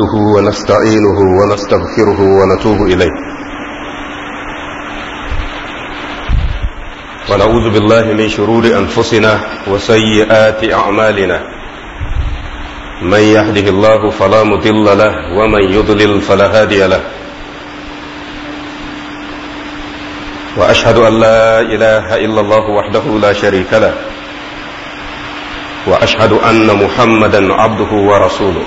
ونستعينه ونستغفره ونتوب إليه ونعوذ بالله من شرور أنفسنا وسيئات أعمالنا من يهده الله فلا مضل له ومن يضلل فلا هادي له وأشهد أن لا إله إلا الله وحده لا شريك له وأشهد أن محمدا عبده ورسوله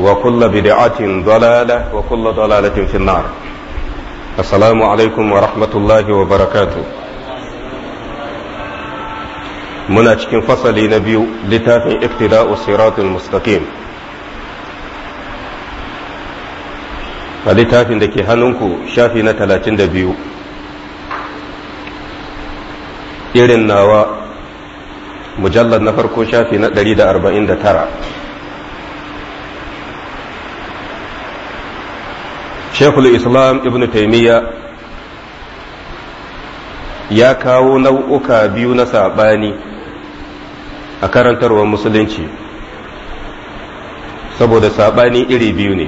وكل بدعة ضلالة وكل ضلالة في النار alaikum عليكم ورحمة الله وبركاته muna cikin fasali na biyu littafin iktida'u siratul mustaqim a littafin da ke hannunku shafi na talatin da biyu irin nawa mujallar na farko shafi na ɗari da arba'in da tara shekul islam ibn taimiyya ya kawo nau'uka biyu na saɓani a karantarwar musulunci saboda saɓani iri biyu ne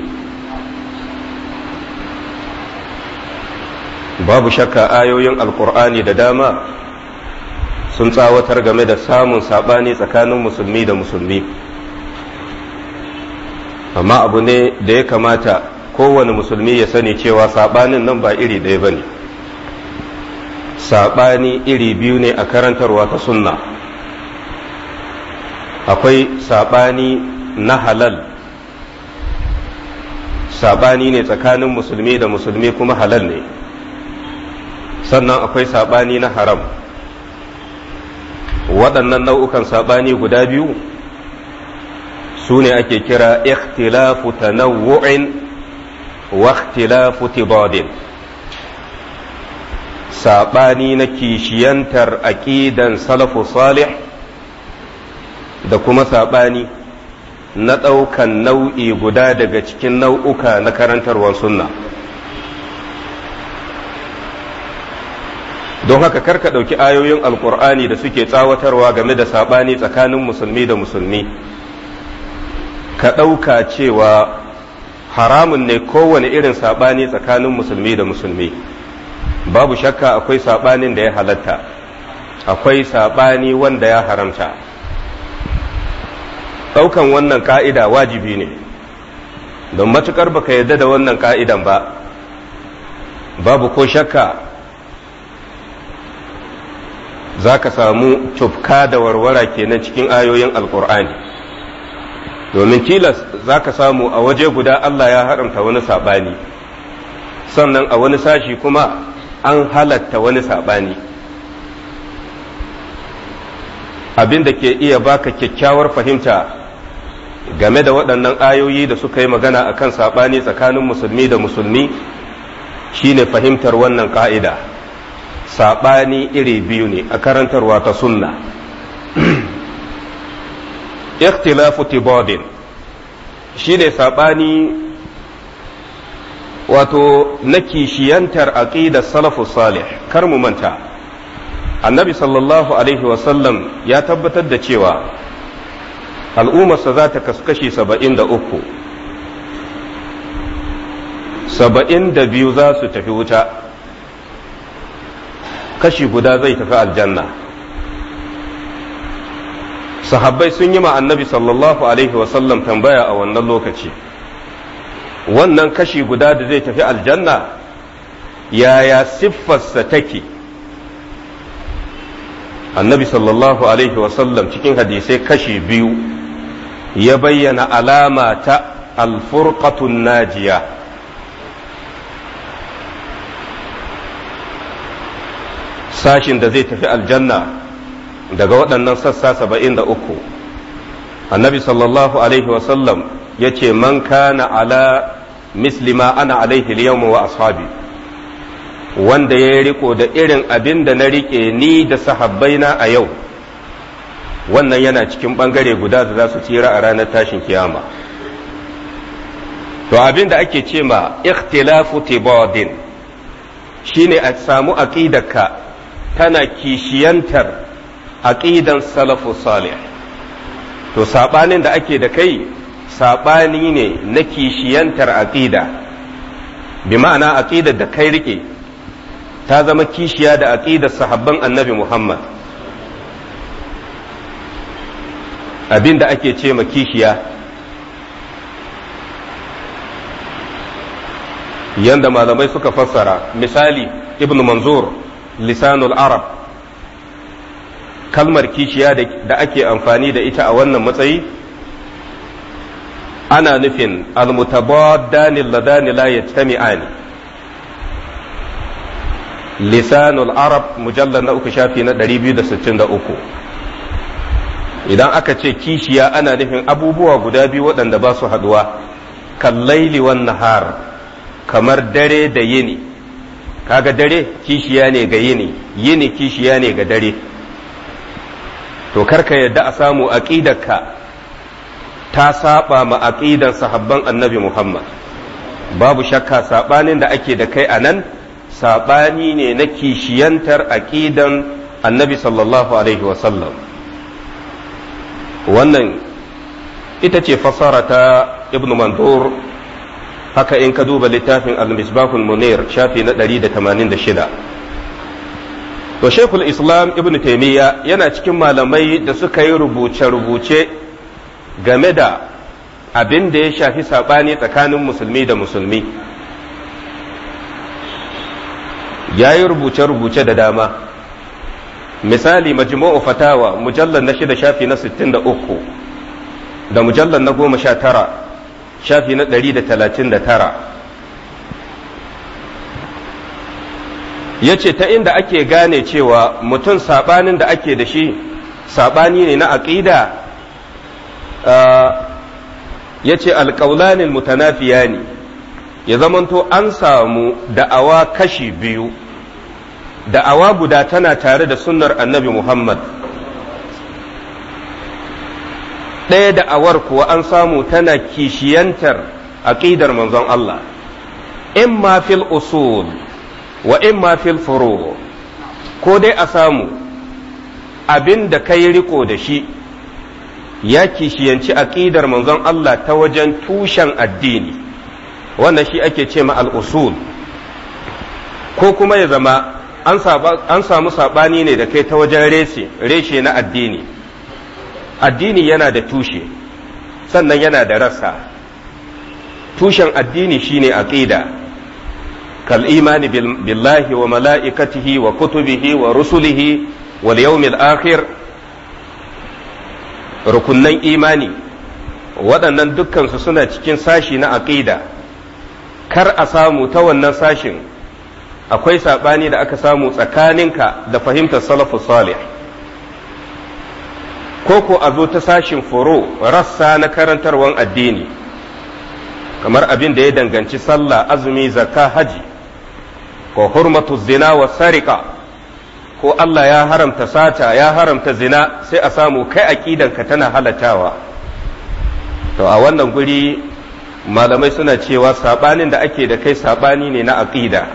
babu shakka ayoyin alkur'ani da dama sun tsawatar game da samun saɓani tsakanin musulmi da musulmi amma abu ne da ya kamata kowane musulmi ya sani cewa saɓanin nan ba iri ɗaya ba ne saɓani iri biyu ne a karantarwa ta sunna akwai saɓani na halal saɓani ne tsakanin musulmi da musulmi kuma halal ne sannan akwai saɓani na haram waɗannan nau'ukan saɓani guda biyu su ne ake kira ikhtilafu tanawu'in واختلاف تضاد saɓani na kishiyantar aƙidan salafu salih da kuma saɓani na ɗaukan nau'i guda daga cikin nau'uka na karantarwar sunna don haka karka ɗauki ayoyin alkur'ani da suke tsawatarwa game da saɓani tsakanin musulmi da musulmi ka ɗauka cewa haramun ne kowane irin saɓani tsakanin musulmi da musulmi babu shakka akwai saɓanin da ya halatta akwai saɓani wanda ya haramta ɗaukan wannan ka'ida wajibi ne don matuƙar baka yarda da wannan ka'idan ba babu ko shakka za ka samu tufka da warwara kenan cikin ayoyin alkur'ani domin tilas za ka samu a waje guda Allah ya haramta wani saɓani sannan a wani sashi kuma an halatta wani saɓani abin da ke iya baka kyakkyawar fahimta game da waɗannan ayoyi da suka yi magana a kan saɓani tsakanin musulmi da musulmi shine fahimtar wannan ka'ida saɓani iri biyu ne a karantarwa ta sunna اختلاف tibodin shi ne saɓani wato na kishiyantar aƙidar salafu salih kar mu manta annabi sallallahu alaihi wasallam ya tabbatar da cewa al'ummarsa za ta kashi saba'in da uku saba'in da biyu za su tafi wuta kashi guda zai tafi aljanna sahabbai sun yi ma annabi sallallahu alaihi wasallam tambaya a wannan lokaci wannan kashi guda da zai tafi aljanna yaya siffarsa take annabi sallallahu alaihi wasallam cikin hadisai kashi biyu ya bayyana alama ta alfurqatun najiya sashin da zai tafi aljanna daga waɗannan sassa saba'in da uku annabi sallallahu alaihi wasallam ya ce man kana ala mislima ana alaihi yawma wa ashabi wanda ya riko da irin abin da na riƙe ni da sahabbaina a yau wannan yana cikin ɓangare guda da za su tsira a ranar tashin kiyama to abin da ake ce ma ikhtilafu tibadin shine a samu aqidarka tana kishiyantar aƙidan salafu salih to sabanin da ake da kai sabani ne na kishiyantar aqida bi ma'ana aqida da kai rike ta zama kishiya da aqidar sahabban annabi Muhammad abin da ake ce ma kishiya yanda malamai suka fassara misali ibn manzur lisanul arab kalmar kishiya da ake amfani da ita a wannan matsayi ana nufin almutabaddani ladani la yajtami'ani lisanul arab mujallar na uku shafi na 263 idan aka ce kishiya ana nufin abubuwa guda biyu waɗanda ba su haɗuwa kallaili wan nahar kamar dare da yini kaga dare kishiya ne ga yini yini kishiya ne ga dare to karka yadda a samu aqidarka ta saba ma aqidan sahabban annabi Muhammad babu shakka sabanin da ake da kai a nan sabani ne na kishiyantar aqidan annabi sallallahu alaihi wasallam wannan ita ce fasara ta ibn mandur haka in ka duba littafin al-misbahul munir shafi na 186 to shekul islam ibn taimiyya yana cikin malamai da suka yi rubuce-rubuce game da abin da ya shafi saɓani tsakanin musulmi da musulmi ya yi rubuce-rubuce da dama misali majmu'u fatawa mujallar na shida shafi na 63 da mujallar na goma sha tara shafi na 139 ya ce ta inda ake gane cewa mutum saɓanin da ake da shi saɓani ne na aƙida ya ce alƙaulanin mutanafiya ne ya zamanto an samu da'awa kashi biyu da'awa guda tana tare da sunnar annabi muhammad ɗaya da'awar kuwa an samu tana kishiyantar aƙidar manzon Allah in ma fil usul wa in ma fil furu ko dai a samu abin da kai riko da shi ya kishiyanci aƙidar manzon Allah ta wajen tushen addini wannan shi ake ce ma al'usul ko kuma ya zama an samu saɓani ne da kai ta wajen reshe na addini addini yana da tushe sannan yana da rassa tushen addini shine aƙida kal imani billahi wa mala'ikatihi wa kutubihi wa rusulihi akhir imani waɗannan dukkansu suna cikin sashi na aƙida. kar a samu ta wannan sashin akwai saɓani da aka samu tsakaninka da fahimtar salafus salih ko ko a zo ta sashin furo rassa na karantarwan addini kamar abin da ya danganci sallah azumi zakka haji ko hurmatu zina wa sarika ko Allah ya haramta sata ya haramta zina sai a samu kai aƙidanka tana halatawa to a wannan guri malamai suna cewa sabanin da ake da kai sabani ne na aqida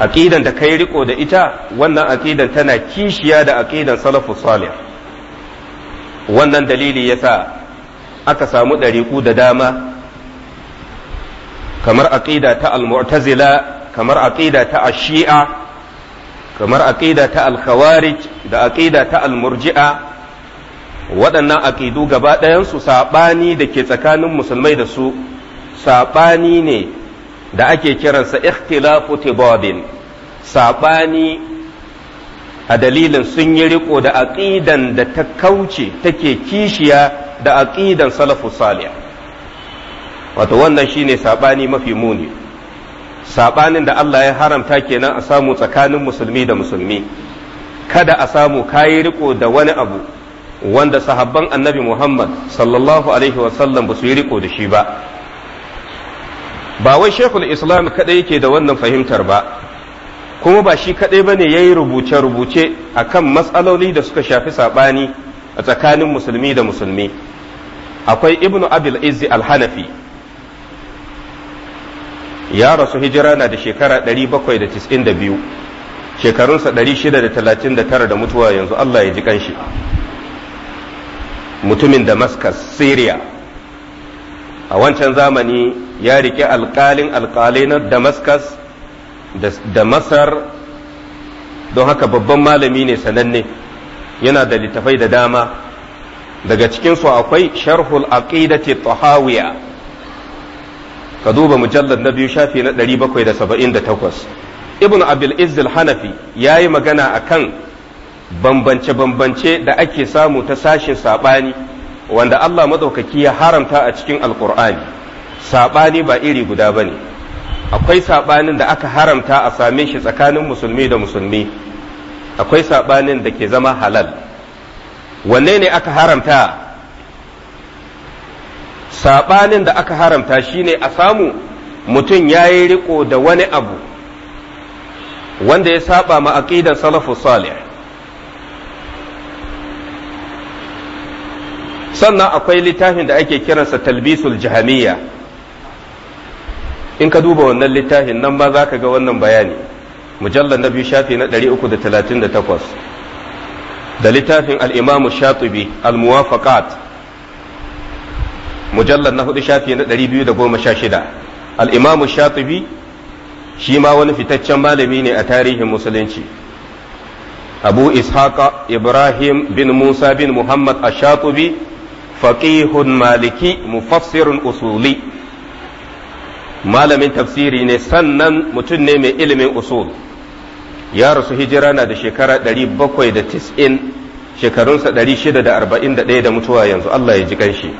aqidan da kai riko da ita wannan aqidan tana kishiya da aqidan salafu salih wannan dalili yasa aka samu ɗariƙu da dama kamar aqida ta al-mu'tazila kamar aqida ta ashi'a kamar aqida ta alkhawarij da aqida ta almurji'a waɗannan aqidu gaba ɗayansu saɓani da ke tsakanin musulmai da su saɓani ne da ake kiransa ikhtilafu tibabin saɓani a dalilin sun yi riko da aqidan da ta kauce take kishiya da aqidan salafu salih wato wannan shine saɓani mafi muni saɓanin da Allah ya haramta kenan a samu tsakanin musulmi da musulmi kada a samu kayi riko da wani abu wanda sahabban annabi Muhammad sallallahu alaihi wasallam ba su yi riko da shi ba ba wai shekul islam kadai yake da wannan fahimtar ba kuma ba shi kadai ba ne ya yi rubuce-rubuce a kan matsaloli da suka shafi saɓani a tsakanin musulmi da musulmi akwai ibnu abil izzi al-hanafi ya rasu hijira na da shekara 792 shekarunsa 639 da mutuwa yanzu Allah ya ji kanshi mutumin Damascus Syria a wancan zamani ya rike alkalin alkalai na Damascus da Masar don haka babban malami ne sananne yana da littafai da dama daga cikinsu akwai sharhul aqidati tahawiyya ka duba mujallar na biyu shafi na 778 ibn abil izzil hanafi ya yi magana a kan bambance-bambance da ake samu ta sashin saɓani wanda allah maɗaukaki ya haramta a cikin alƙur'ani saɓani ba iri guda ba ne akwai saɓanin da aka haramta a same shi tsakanin musulmi da musulmi akwai saɓanin da ke zama halal wanne ne aka haramta saɓanin da aka haramta shi ne a samu mutum ya yi riko da wani abu wanda ya saba ma aƙidan salafu salih sannan akwai littafin da ake kiransa talbisul jahamiyya in ka duba wannan littafin nan ma za ka ga wannan bayani mujallar na biyu shafi na 338 da littafin al'imamu shatubi al-muwafaqat mujallar na hudu shafi na ɗari biyu da goma sha shida al'imamu shatibi shi ma wani fitaccen malami ne a tarihin musulunci abu ishaqa ibrahim bin musa bin muhammad ashatubi faqihun maliki mufassirun usuli malamin tafsiri ne sannan mutum ne mai ilimin usul ya rasu hijira na da shekara da 790 shekarunsa ɗaya da mutuwa yanzu Allah ya ji kanshi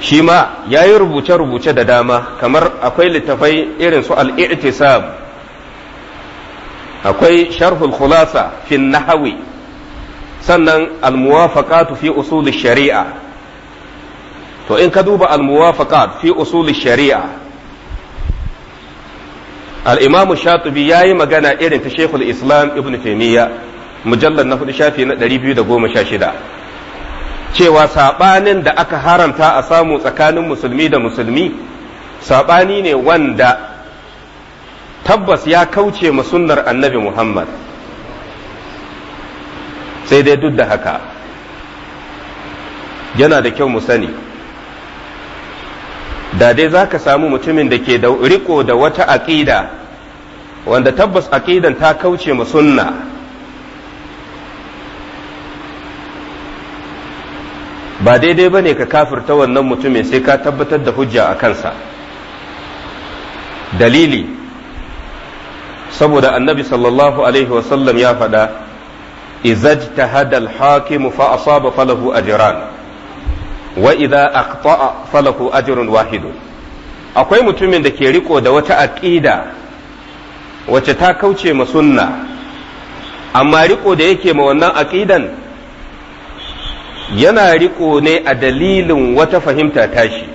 shi ma ya yi rubuce-rubuce da dama kamar akwai littafai irin su al'i'tisab akwai sharhul khulasa fin nahawi sannan almuwafaqatu fi usul shari'a to in ka duba almuwafaqat fi usul shari'a al-imamu ya yi magana irin ta shekul islam ibn taymiya mujallar na hudu shafi na 216 cewa saɓanin da aka haramta a samu tsakanin musulmi da musulmi saɓani ne wanda tabbas ya kauce ma sunnar annabi Muhammad sai dai duk da haka yana da kyau mu sani da dai za ka samu mutumin da ke da riko da wata aƙida wanda tabbas aƙidan ta kauce ma sunna ba daidai ba ne ka kafirta wannan mutumin sai ka tabbatar da hujja a kansa dalili saboda annabi sallallahu alaihi wasallam ya faɗa izaj ta hadal hakimu asaba falahu ajiran wa idza aqta'a falahu ajrun wahidun akwai mutumin da ke riko da wata aƙida wacce ta kauce ma sunna amma riko da yake ma wannan aƙidan yana riko ne a dalilin wata fahimta tashi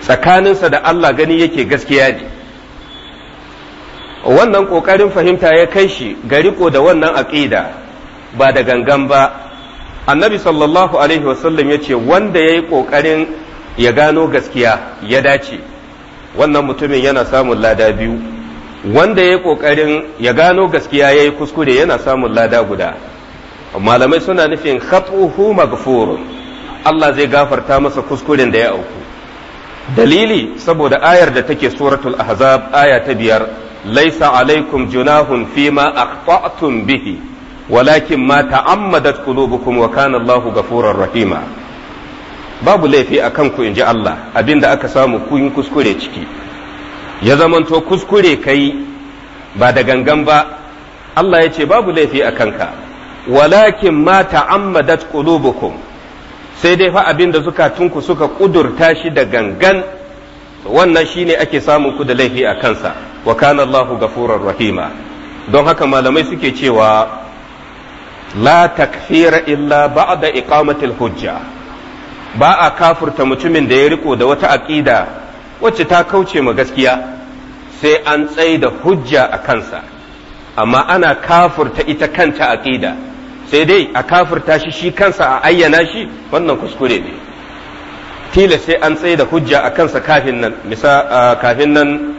tsakaninsa da Allah gani yake gaskiya ne wannan ƙoƙarin fahimta ya kai shi ga riko da wannan aƙida ba da gangan ba annabi sallallahu alaihi wasallam ya ce wanda ya yi ƙoƙarin ya gano gaskiya ya dace wannan mutumin yana samun lada biyu wanda ya yi ƙoƙarin ya gano gaskiya ya yi kuskure yana samun lada guda malamai suna nufin khatuhu maghfurun Allah zai gafarta masa kuskuren da ya auku dalili saboda ayar da take suratul ahzab aya ta biyar laisa alaikum junahun fima akhta'tum bihi walakin ma ta'ammadat qulubukum wa kana Allahu ghafurur rahima babu laifi akan ku inji Allah abinda aka samu kun kuskure ciki ya zamanto kuskure kai ba da gangan ba Allah ya ce babu laifi a kanka walakin ma ta'ammadat qulubukum sai dai fa abin da zukatunku suka kudurta shi da gangan wannan shine ake samun ku da laifi a kansa wa kana Allahu ghafurur rahima don haka malamai suke cewa la takfira illa ba'da iqamati hujja ba a kafurta mutumin da ya riko da wata aqida wacce ta kauce ma gaskiya sai an tsaye da hujja a kansa amma ana kafurta ita kanta aqida sai dai a kafirta shi shi kansa a ayyana shi wannan kuskure ne tila sai an tsaye da hujja a kansa kafin nan misa kafin nan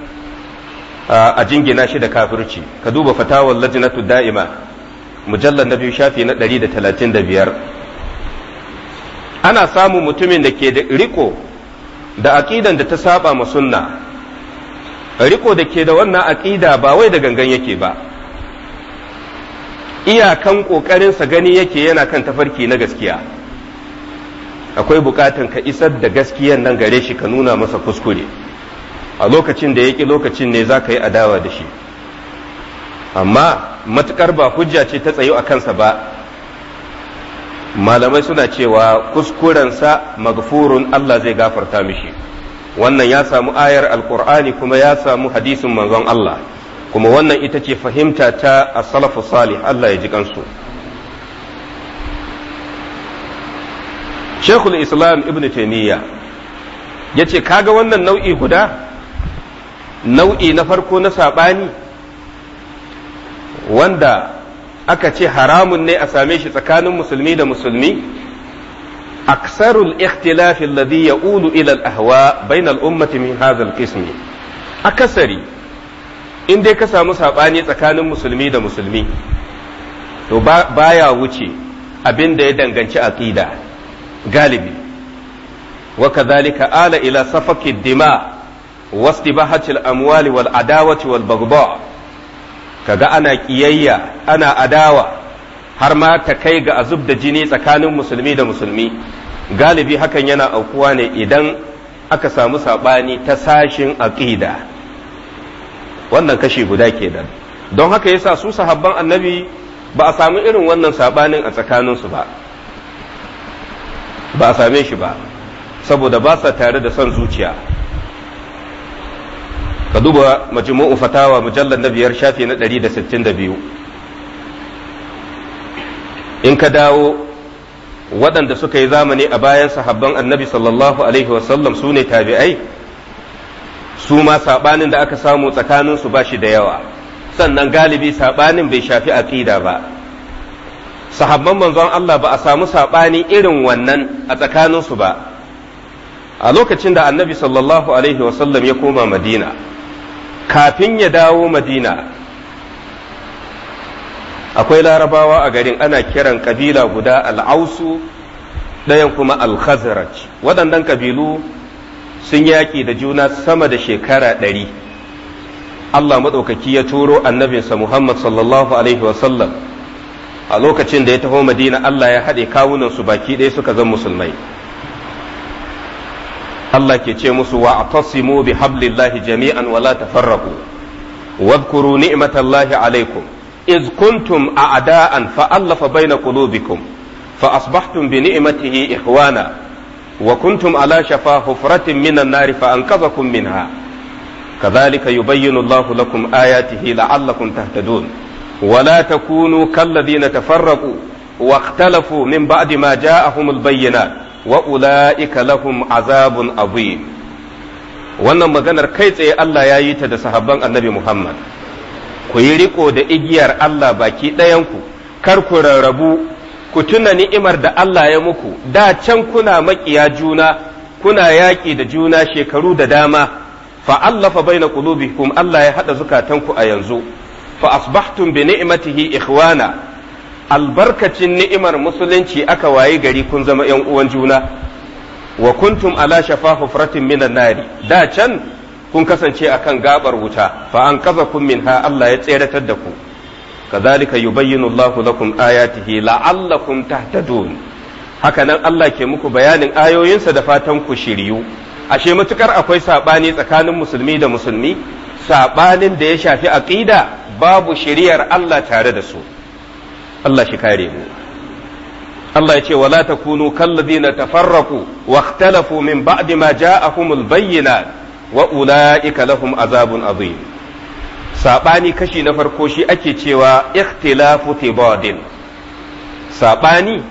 a jingina shi da kafirci ka duba fatawar lajinatu da'ima mujallar na biyu shafi na biyar. ana samun mutumin da ke da riko da aƙidan da ta saba ma sunna riko da ke da wannan aƙida ba wai da gangan yake ba iyakan ƙoƙarinsa gani yake yana kan tafarki na gaskiya akwai buƙatan ka isar da gaskiyan nan gare shi ka nuna masa kuskure a lokacin da yake lokacin ne za ka yi adawa da shi amma matukar ba hujja ce ta tsayo a kansa ba malamai suna cewa kuskurensa magfurun Allah zai gafarta mishi wannan ya samu ayar alkur'ani kuma ya samu hadisin manzon Allah kuma wannan ita ce fahimta ta a salafu salih Allah ya ji kansu Sheikhul Islam Ibn Taymiyyah yace kaga wannan nau'i guda nau'i na farko na saɓani wanda aka ce haramun ne a same shi tsakanin musulmi da musulmi aksarul ikhtilafin ladhi ya'ulu ilal ahwa bainal ummati min hazal al akasari in dai ka samu saɓani tsakanin musulmi da musulmi to baya wuce abin da ya danganci aqida galibi wa kadhalika ala ila safaki dima wasdibahat al-amwali wal adawati wal bagba kaga ana kiyayya ana adawa har ma ta kai ga azub da jini tsakanin musulmi da musulmi galibi hakan yana aukuwa ne idan aka samu saɓani ta sashin aƙida. wannan kashi guda kenan don haka yasa su sahabban annabi ba a samu irin wannan sabanin a tsakaninsu ba ba a same shi ba saboda ba sa tare da son zuciya ka duba majmu'u fatawa mujallar na biyar shafi na 162 in ka dawo waɗanda suka yi zamani a bayan sahabban annabi sallallahu alaihi wasallam su ne tabi'ai su ma saɓanin da aka samu tsakaninsu ba shi da yawa sannan galibi saɓanin bai shafi aƙida ba sahabban manzon Allah ba a samu saɓani irin wannan a tsakaninsu ba a lokacin da annabi sallallahu alaihi wasallam ya koma madina kafin ya dawo madina akwai larabawa a garin ana kiran kabila guda al'ausu ɗayan kuma al-khazraj waɗannan kabilu sun yaƙi da juna sama da shekara ɗari Allah maɗaukaki ya turo annabinsa Muhammad sallallahu alaihi wasallam a lokacin da ya taho madina Allah ya haɗe kawunansu baki ɗaya suka zan musulmai Allah ke ce musu wa atasimu bi hablillahi jami'an wala tafarraqu wadhkuru ni'matallahi alaikum iz kuntum a'da'an fa allafa baina qulubikum fa asbahtum bi ni'matihi ikhwana wa kuntum ala shafa hufratin minan nari fa anqadhakum minha kadhalika yubayyinu Allahu lakum ayatihi la'allakum tahtadun ولا تكونوا كالذين تفرقوا واختلفوا من بعد ما جاءهم البينات وأولئك azabun عذاب عظيم wannan maganar kai tsaye Allah ya yi ta da sahabban annabi Muhammad ku yi riko da igiyar Allah baki ɗayanku kar ku rarrabu ku tuna ni'imar da Allah ya muku da can kuna makiya juna kuna yaƙi da juna shekaru da dama fa allafa baina qulubikum Allah ya hada zukatanku a yanzu fa asbahtum bi ni'matihi ikhwana albarkacin ni'imar musulunci aka wayi gari kun zama yan uwan juna wa kuntum ala shafa hufratin minan nari da can kun kasance akan gabar wuta fa an kaza kun minha Allah ya tseratar da ku kadhalika yubayyinu Allahu lakum ayatihi la'allakum tahtadun haka nan Allah ke muku bayanin ayoyinsa da fatan ku shiryu ashe matukar akwai saɓani tsakanin musulmi da musulmi saɓanin da ya shafi aqida babu shiriyar Allah tare da su Allah shi kare mu Allah ce wala takunu kalladhina tafarraqu wa ikhtalafu min ba'di ma ja'ahumul bayyinat wa ulaika lahum azabun abin. saɓani kashi na farko shi ake cewa ikhtilafu tibadin saɓani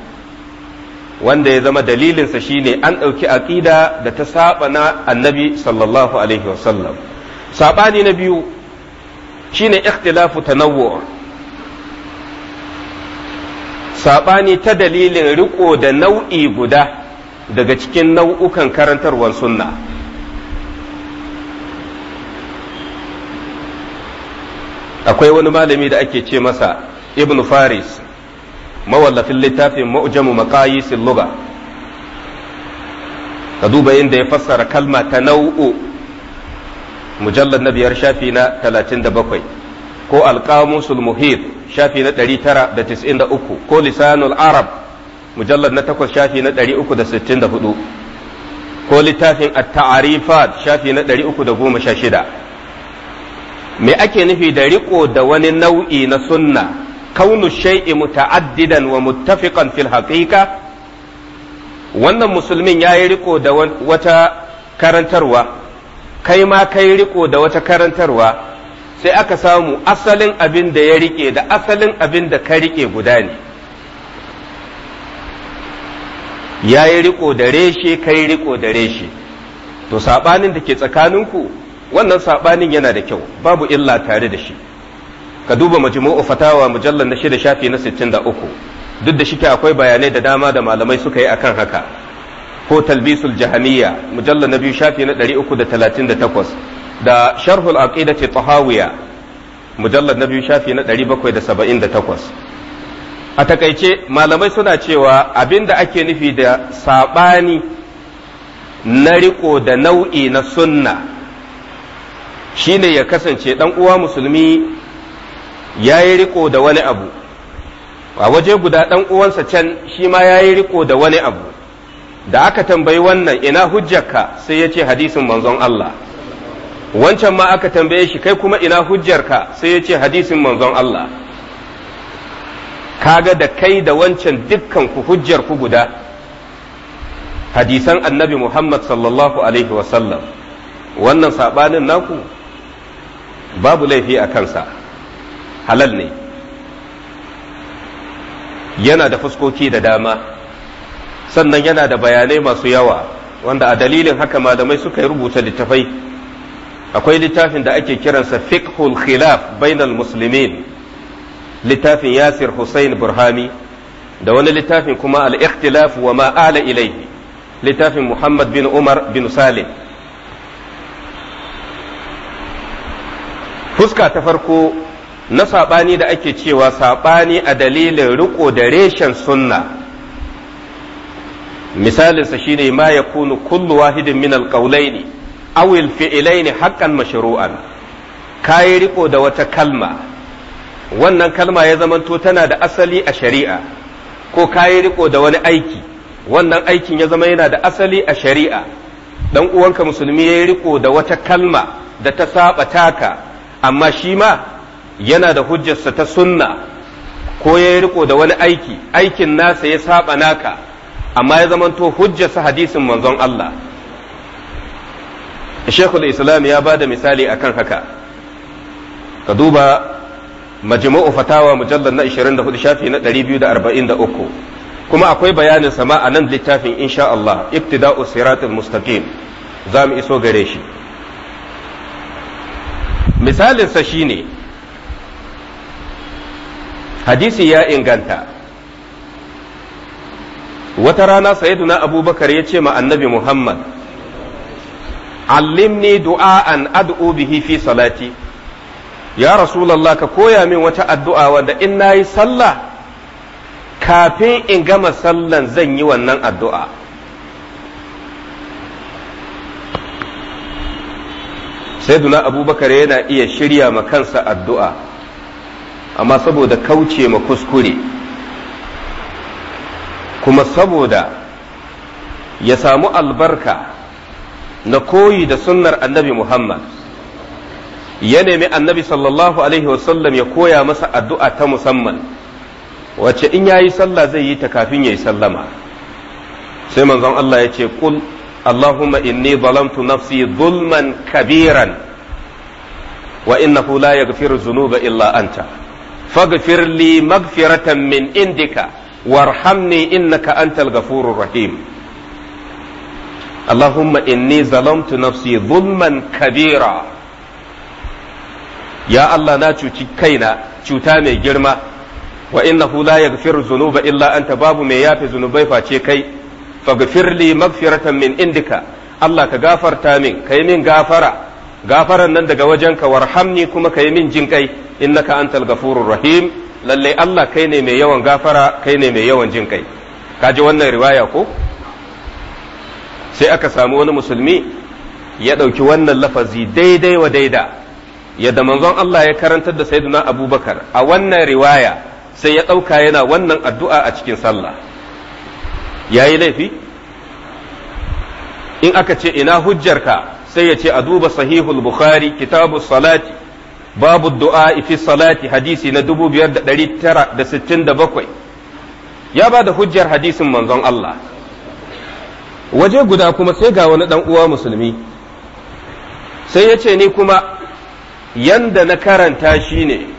wanda ya zama dalilinsa shine an ɗauki aƙida da ta saɓa na annabi sallallahu alaihi wasallam saɓani na biyu shine ikhtilafu tanawwu saɓani ta dalilin riko da nau'i guda daga cikin nau'ukan karantarwar sunna akwai wani malami da ake ce masa ibn faris mawallafin littafin mu'jamu maqayisil lugha ka duba inda ya fassara kalma ta nau'u mujallar na biyar shafi na talatin da bakwai ko alƙamusul muhit shafi na ɗari tara da tis'in da uku ko lisanul arab mujallar na takwas shafi na ɗari uku da sittin da hudu ko littafin at-ta'arifat shafi na ɗari uku da sha shida me ake nufi da riko da wani nau'i na sunna kaunu shay'i muta'addidan wa muttafiqan fil haqiqa wannan musulmin ya yi riko da wata karantarwa kai ma kai riko da wata karantarwa sai aka samu asalin abin da ya rike da asalin abin da ka rike guda ne ya yi riko da reshe kai riko da reshe to sabanin da ke tsakaninku wannan sabanin yana da kyau babu illa tare da shi ka duba majmu'u fatawa mujallar na shida shafi na 63 duk da shike akwai bayanai da dama da malamai suka yi akan haka ko talbisul jahaniya mujallar na biyu shafi na 338 da sharhul aqidati tahawiyya mujallar na biyu shafi na 778 a takaice malamai suna cewa abinda ake nufi da sabani na riko da nau'i na sunna shine ya kasance ɗan uwa musulmi ya yi riko da wani abu a waje guda ɗan uwansa can shi ma ya yi riko da wani abu da aka tambayi wannan ina hujjarka sai ya ce hadisin manzon Allah wancan ma aka tambaye shi kai kuma ina hujjarka sai ya ce hadisin manzon Allah kaga da kai da wancan dukkan ku hujjar ku guda hadisan annabi Muhammad sallallahu alaihi wasallam wannan sabanin naku babu laifi a kansa halal ne yana da fuskoki da dama sannan yana da bayanai masu yawa wanda a dalilin haka malamai suka yi rubuta littafai akwai littafin da ake kiransa fiqhul khilaf bainal muslimin littafin yasir hussein burhami da wani littafin kuma al-ikhtilaf wa ma ala ilaihi littafin muhammad bin umar bin salim fuska ta farko na saɓani da ake cewa saɓani a dalilin riko da reshen sunna misalinsa shine ma ya kunu kullu wahidin min ne awil ne haƙƙan mashru'an kayi riko da wata kalma wannan kalma ya zamanto tana da asali a shari'a ko kayi riko da wani aiki wannan aikin ya zama yana da asali a shari'a dan uwanka musulmi ya riko da wata kalma da ta saba taka amma shi ma yana da hujjarsa ta sunna ko ya riko da wani aiki aikin nasa ya saba naka amma ya zamanto hujjarsa hadisin manzon Allah Sheikhul Islam ya ba da misali akan haka ka duba majmu'u fatawa mujallar na 24 shafi na 243 kuma akwai bayanin sama a nan littafin insha Allah ibtida'u siratul mustaqim za mu iso gare shi misalinsa shine hadisi ya inganta wata rana sayyiduna abubakar ya ce ma annabi muhammad allimni an ad'u bihi fi salati ya rasulallah ka koya min wata addu'a wanda in nayi sallah kafin in gama sallan zan yi wannan addu'a duna abubakar yana iya shirya ma kansa addu'a amma saboda kauce ma kuskure kuma saboda ya samu albarka na koyi da sunnar annabi muhammad ya nemi annabi sallallahu alaihi wasallam ya koya masa addu'a ta musamman wacce in ya yi sallah zai yi ta kafin ya yi sallama sai manzon Allah ya ce kul اللهم إني ظلمت نفسي ظلما كبيرا وإنه لا يغفر الذنوب إلا أنت فاغفر لي مغفرة من عندك وارحمني إنك أنت الغفور الرحيم اللهم إني ظلمت نفسي ظلما كبيرا يا الله نا كينا تامي جرما وإنه لا يغفر الذنوب إلا أنت باب ما يافي ذنوبي فاتشي كي faghfirli magfiratan min indika Allah ka gafarta min kai min gafara gafaran nan daga wajenka warhamni kuma kai min jinkai innaka antal ghafurur rahim lalle Allah kai ne mai yawan gafara kai ne mai yawan jinkai kaji wannan riwaya ko sai aka samu wani musulmi ya ɗauki wannan lafazi daidai wa daida yadda manzon Allah ya karantar da sayyiduna abubakar a wannan riwaya sai ya ɗauka yana wannan addu'a a cikin sallah ya yi laifi in aka ce ina hujjarka sai ya ce a duba sahihul bukhari kitabu salati babu du'a fi salati hadisi na 5967 ya ba da hujjar hadisin manzon Allah waje guda kuma sai ga wani dan uwa musulmi sai ya ce ni kuma yanda na karanta shi ne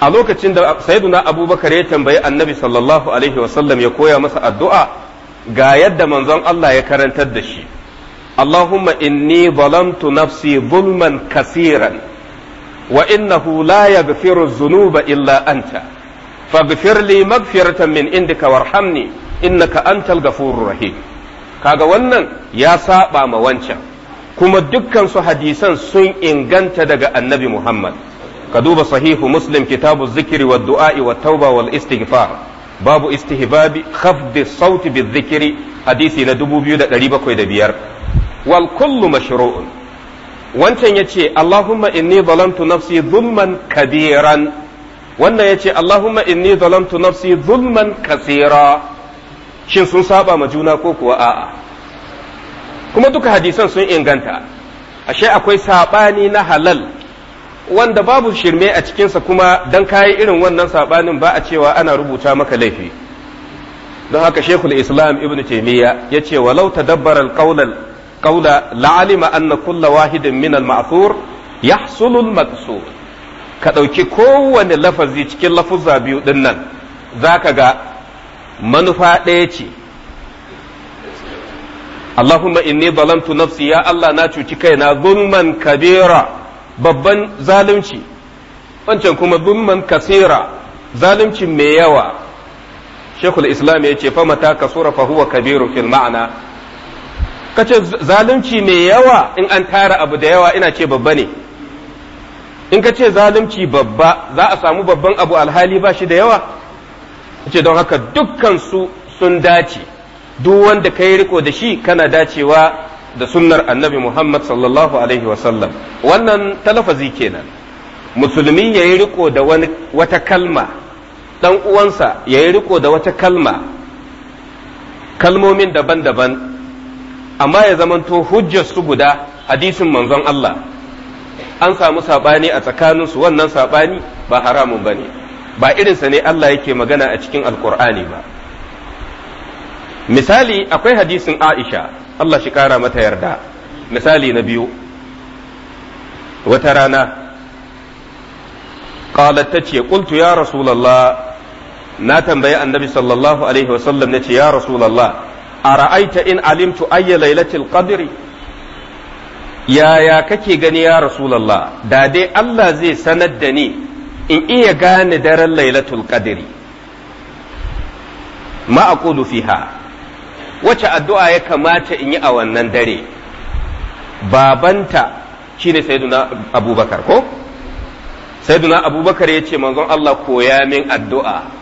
a lokacin da saiduna abubakar ya tambayi annabi sallallahu alaihi wasallam ya koya masa addu'a ga yadda manzon Allah ya karantar da shi Allahumma inni zalamtu nafsi zulman kasiran wa innahu la yaghfiru zunuba illa anta faghfir li maghfiratan min indika warhamni innaka antal ghafurur rahim kaga wannan ya saba ma wancan kuma dukkan su hadisan sun inganta daga annabi Muhammad ka duba sahihu muslim kitabu zikiri wa du'a'i wa tauba wal istighfar babu istihbabi khafdi sauti bi zikiri hadisi na biyar. wal kullu mashru'un wancan yace allahumma inni zalamtu nafsi zulman kabiran wannan yace allahumma inni zalamtu nafsi zulman kasira shin sun saba ma juna ko kuwa a'a kuma duka hadisan sun inganta ashe akwai sabani na halal wanda babu shirme a cikinsa kuma don kayi irin wannan saɓanin ba a cewa ana rubuta maka laifi don haka shekul islam ibn taimiyya ya ce walau dabbar alƙaula la'alima an na kulla wahidin min al-ma'thur yahsulu al ka ɗauki kowane lafazi cikin lafuzza biyu ɗin nan Za ka ga manufa ɗaya ce Allahumma inni balantu nafsi ya Allah na cuci kaina zulman kabira babban zalunci wancan kuma bimman kasira zalunci mai yawa shekul islam ya ce fama ta kasura fa huwa kabiru fil ma'ana kace zalunci mai yawa in an tara abu da yawa ina ce babba ne in ka ce zalunci babba za a samu babban abu alhali ba shi da yawa ce don haka dukkan su sun dace duk wanda ka yi riko da shi kana dacewa da sunnar annabi Muhammad sallallahu alaihi wasallam wannan talafazi kenan musulmi ya yi riko da wata kalma ɗan uwansa ya yi riko da wata kalma kalmomin daban-daban amma ya zamanto hujjarsu su guda hadisin manzon Allah an samu saɓani a tsakaninsu wannan saɓani ba haramun ba ne ba irinsa ne Allah yake magana a cikin alkur'ani ba misali akwai hadisin Aisha Allah shi kara mata yarda misali na biyu wata rana قالت تتشي قلت يا رسول الله ناتن بي النبي صلى الله عليه وسلم نتشي يا رسول الله أرأيت إن علمت أي ليلة القدر يا يا ككي غني يا رسول الله دادي الله زي سندني إن إيه غاني دار ليلة القدر ما أقول فيها wace addu'a ya kamata in yi a wannan dare babanta shine sayyiduna abubakar ko sayyiduna abubakar ya ce manzon Allah koya min addu'a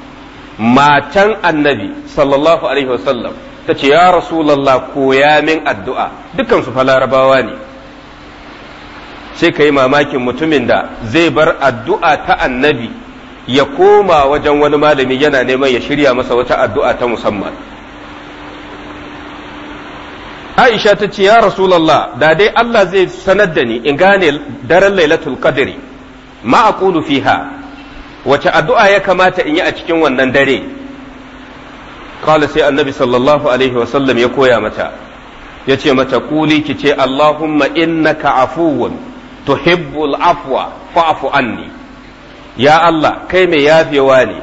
matan annabi sallallahu alaihi wasallam ta ce ya rasulallah koya min addu'a dukansu fa larabawa ne sai ka yi mamakin mutumin da zai bar addu'a ta annabi ya koma wajen wani malami yana neman ya shirya masa wata addu'a ta musamman Aisha ta ce ya Rasulallah da dai Allah zai sanar da ni in gane daren Lailatul Qadri ma fiha wace addu'a ya kamata in yi a cikin wannan dare qala sai annabi sallallahu alaihi wa sallam ya koya mata yace mata kuli ki ce Allahumma innaka afuwun tuhibbul afwa fa'fu anni ya Allah kai mai yafewa ne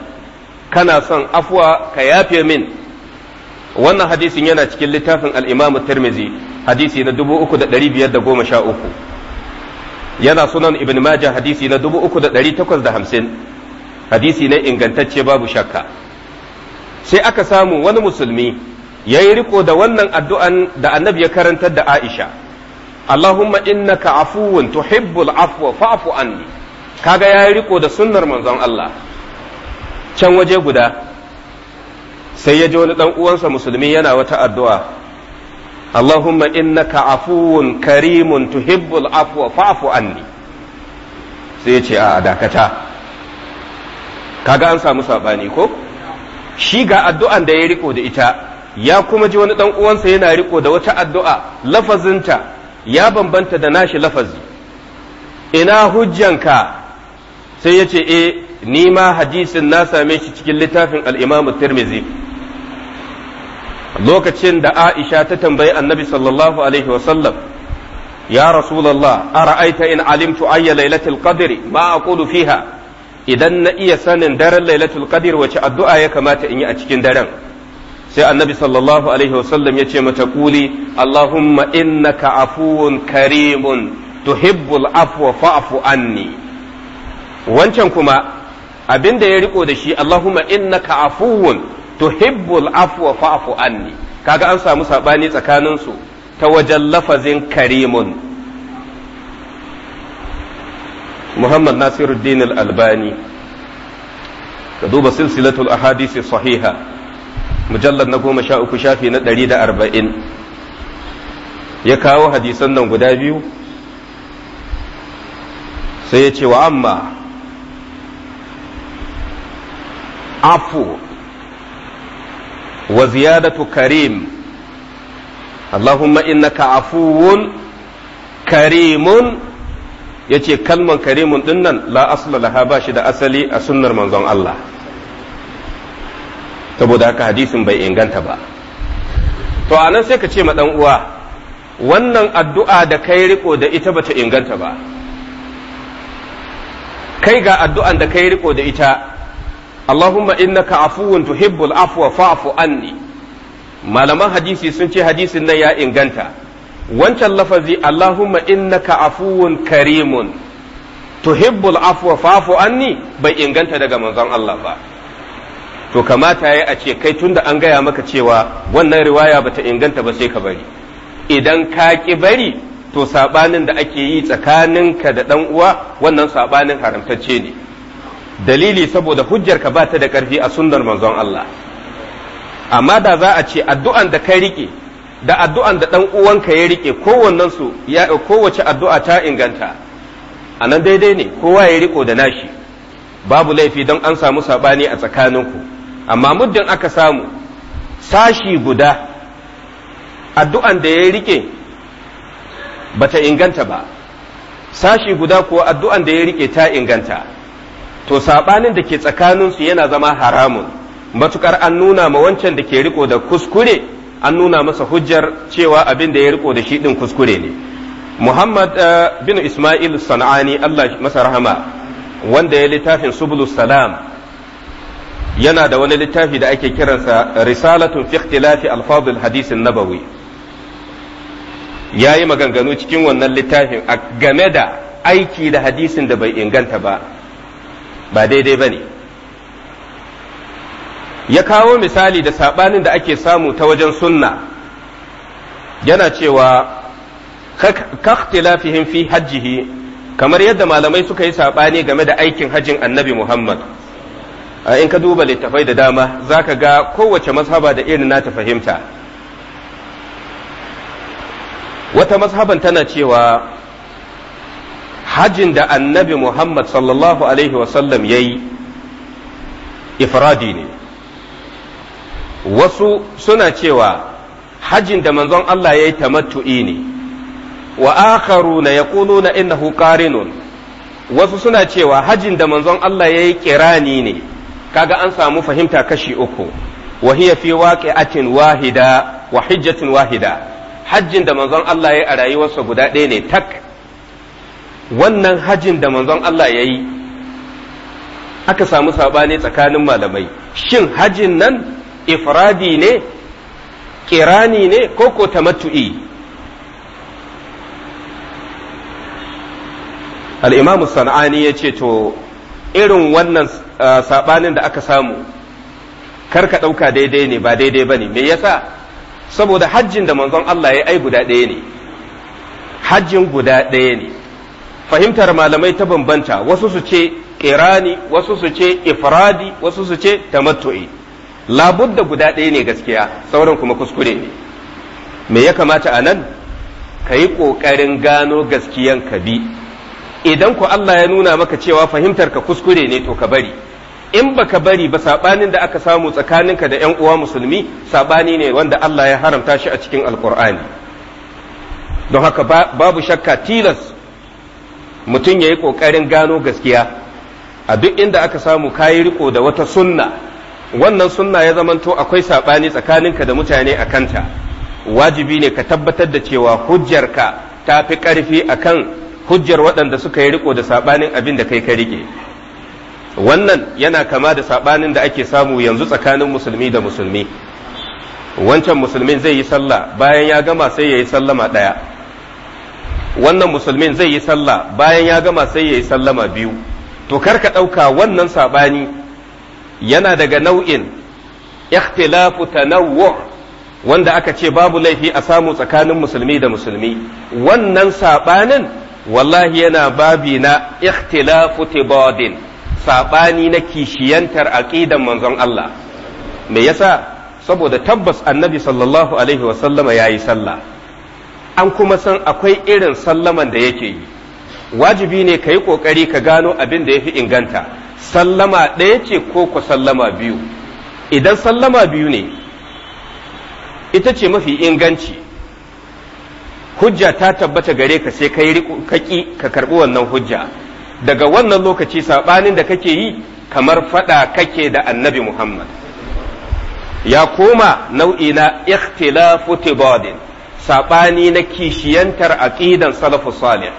kana son afwa ka yafe min wannan hadisin yana cikin littafin al-Imam hadisi na 3513 yana sunan Ibn Majah hadisi na 3850 hadisi na ingantacce babu shakka sai aka samu wani musulmi yayi riko da wannan addu'an da Annabi ya karantar da Aisha Allahumma innaka afuwun tuhibbul afwa fa'fu anni kaga yayi riko da sunnar manzon Allah can waje guda sai ya ji wani ɗan uwansa musulmi yana wata addu'a Allahumma ka afuwun karimun tuhibbul afuwa fa'fu anni sai ya ce a dakata kaga an samu saɓani ko shi ga addu'an da ya riko da ita ya kuma ji wani ɗan uwansa yana riko da wata addu'a lafazinta ya bambanta da nashi lafazi ina hujjanka sai ya ce e ni ma hadisin na same shi cikin littafin al-Imam lokacin da Aisha ta tambayi annabi sallallahu alaihi wasallam ya rasulallah ra'aita in alimtu ayya lailatul qadri ma aqulu fiha idan na iya sanin daren lailatul qadr wace addu'a ya kamata in yi a cikin daren sai annabi sallallahu alaihi wasallam ya ce mata kuli allahumma innaka afuwun karimun tuhibbul afwa fa'fu anni wancan kuma abinda ya riko da shi allahumma innaka afuwun tuhibbul afwa fa'fu anni kaga an samu sabani tsakanin su ta wajen lafazin karimun Muhammad Nasiruddin al-Albani ka duba silsilatul ahadisi sahiha mujallad na goma sha uku shafi na ɗari da arba'in ya kawo hadisan nan guda biyu sai ya ce wa amma afu wa ziyadatu karim Allahumma innaka afuwun karimun yace kalman karimun dinnan la asla laha ba shi da asali a sunnar manzon Allah saboda haka hadisin bai inganta ba to anan sai ka ce ma dan uwa wannan addu'a da kai riko da ita bata inganta ba kai ga addu'an da kai riko da ita Allahumma innaka afuwun tuhibbul afwa fa'fu anni malaman hadisi sun ce hadisin nan ya inganta wancan lafazi Allahumma innaka afuwun karimun tuhibbul afwa fa'fu anni bai inganta daga manzon Allah ba to kamata yayi a ce kai tunda an gaya maka cewa wannan riwaya bata inganta ba sai ka bari idan ka ki bari to sabanin da ake yi tsakaninka da dan uwa wannan sabanin haramtacce ne dalili saboda hujjarka ba ta da ƙarfi a sunnar manzon Allah amma da za a ce addu'an da kai rike da addu'an da ɗan uwanka ya rike su ya kowace addu'a ta inganta a daidai ne kowa ya riko da nashi babu laifi don an samu saɓani a tsakaninku amma muddin aka samu sashi guda addu'an da ya rike bata inganta ba sashi guda kuwa addu'an da ya rike ta inganta to sabanin da ke tsakaninsu yana zama haramun matukar an nuna ma wancan da ke riko da kuskure an nuna masa hujjar cewa abin da ya riko da shi din kuskure ne muhammad eh, bin ismail sanani allah masa rahama wanda ya littafin subulu salam yana da wani littafi da ake kiransa risalatun fi ikhtilafi alfadul hadisin nabawi yayi maganganu cikin wannan littafin a game da aiki da hadisin da bai inganta ba ba daidai ba ne ya kawo misali da saɓanin da ake samu ta wajen sunna yana cewa lafihin fi hajjihi kamar yadda malamai suka yi saɓani game da aikin hajjin annabi muhammad a in ka duba littafai da dama za ka ga kowace mazhaba da irin nata fahimta wata mazhaban tana cewa hajin da annabi Muhammad sallallahu Alaihi wasallam ya yi ifradi ne wasu suna cewa hajin da manzon Allah ya yi tamattu'i ne wa akharu na ya na innahu qarinun wasu suna cewa hajin da manzon Allah ya yi kirani ne kaga an samu fahimta kashi uku wa hiya fi waqi'atin wahida wa hijjatin wahida hajjin da manzon Allah ya yi a rayuwarsa guda ɗaya ne tak wannan hajin da manzon Allah ya yi aka samu saɓani tsakanin malamai shin hajin nan ifradi ne kirani ne ko ko tamattu'i al'imamu sana'ani ya ce to irin wannan saɓanin da aka samu karka ɗauka daidai ne ba daidai ba ne me yasa saboda hajjin da manzon Allah ya ai guda ɗaya ne hajjin guda ɗaya ne fahimtar malamai ta bambanta wasu su ce kirani wasu su ce ifradi wasu su ce tamattu'i labudda guda ɗaya ne gaskiya sauran kuma kuskure ne me ya kamata a nan ka yi ƙoƙarin gano gaskiyan ka bi idan ku Allah ya nuna maka cewa fahimtar ka kuskure ne to ka bari in baka bari ba saɓanin da aka samu tsakaninka da ƴan uwa musulmi saɓani ne wanda Allah ya haramta shi a cikin alkur'ani don haka babu shakka tilas mutum ya yi ƙoƙarin gano gaskiya a duk inda aka samu kayi riko da wata sunna wannan sunna ya zamanto akwai saɓani tsakaninka da mutane a kanta wajibi ne ka tabbatar da cewa hujjarka ta fi ƙarfi a kan hujjar waɗanda suka yi riko da saɓanin abin da kai ka riƙe wannan yana kama da saɓanin da ake samu yanzu tsakanin musulmi da musulmi wancan musulmin zai yi sallah bayan ya gama sai ya yi sallama ɗaya wannan musulmin zai yi sallah bayan ya gama sai ya yi sallama biyu to kar ka ɗauka wannan saɓani yana daga nau'in ikhtilafu tanawwu wanda aka ce babu laifi a samu tsakanin musulmi da musulmi wannan saɓanin wallahi yana babi na ikhtilafu tibadin saɓani na kishiyantar aqidan manzon Allah me yasa saboda tabbas annabi sallallahu alaihi wasallama yayi sallah an kuma san akwai irin sallaman da yake yi wajibi ne ka yi ƙoƙari ka gano abin da ya fi inganta sallama ɗaya ce ko ku sallama biyu idan sallama biyu ne ita ce mafi inganci hujja ta tabbata gare ka sai ka yi kaki ka karɓi wannan hujja daga wannan lokaci saɓanin da kake yi kamar faɗa kake da annabi muhammad ya koma nau'i na ikhtilafu tibadin saɓani na kishiyantar aƙidan salafu salih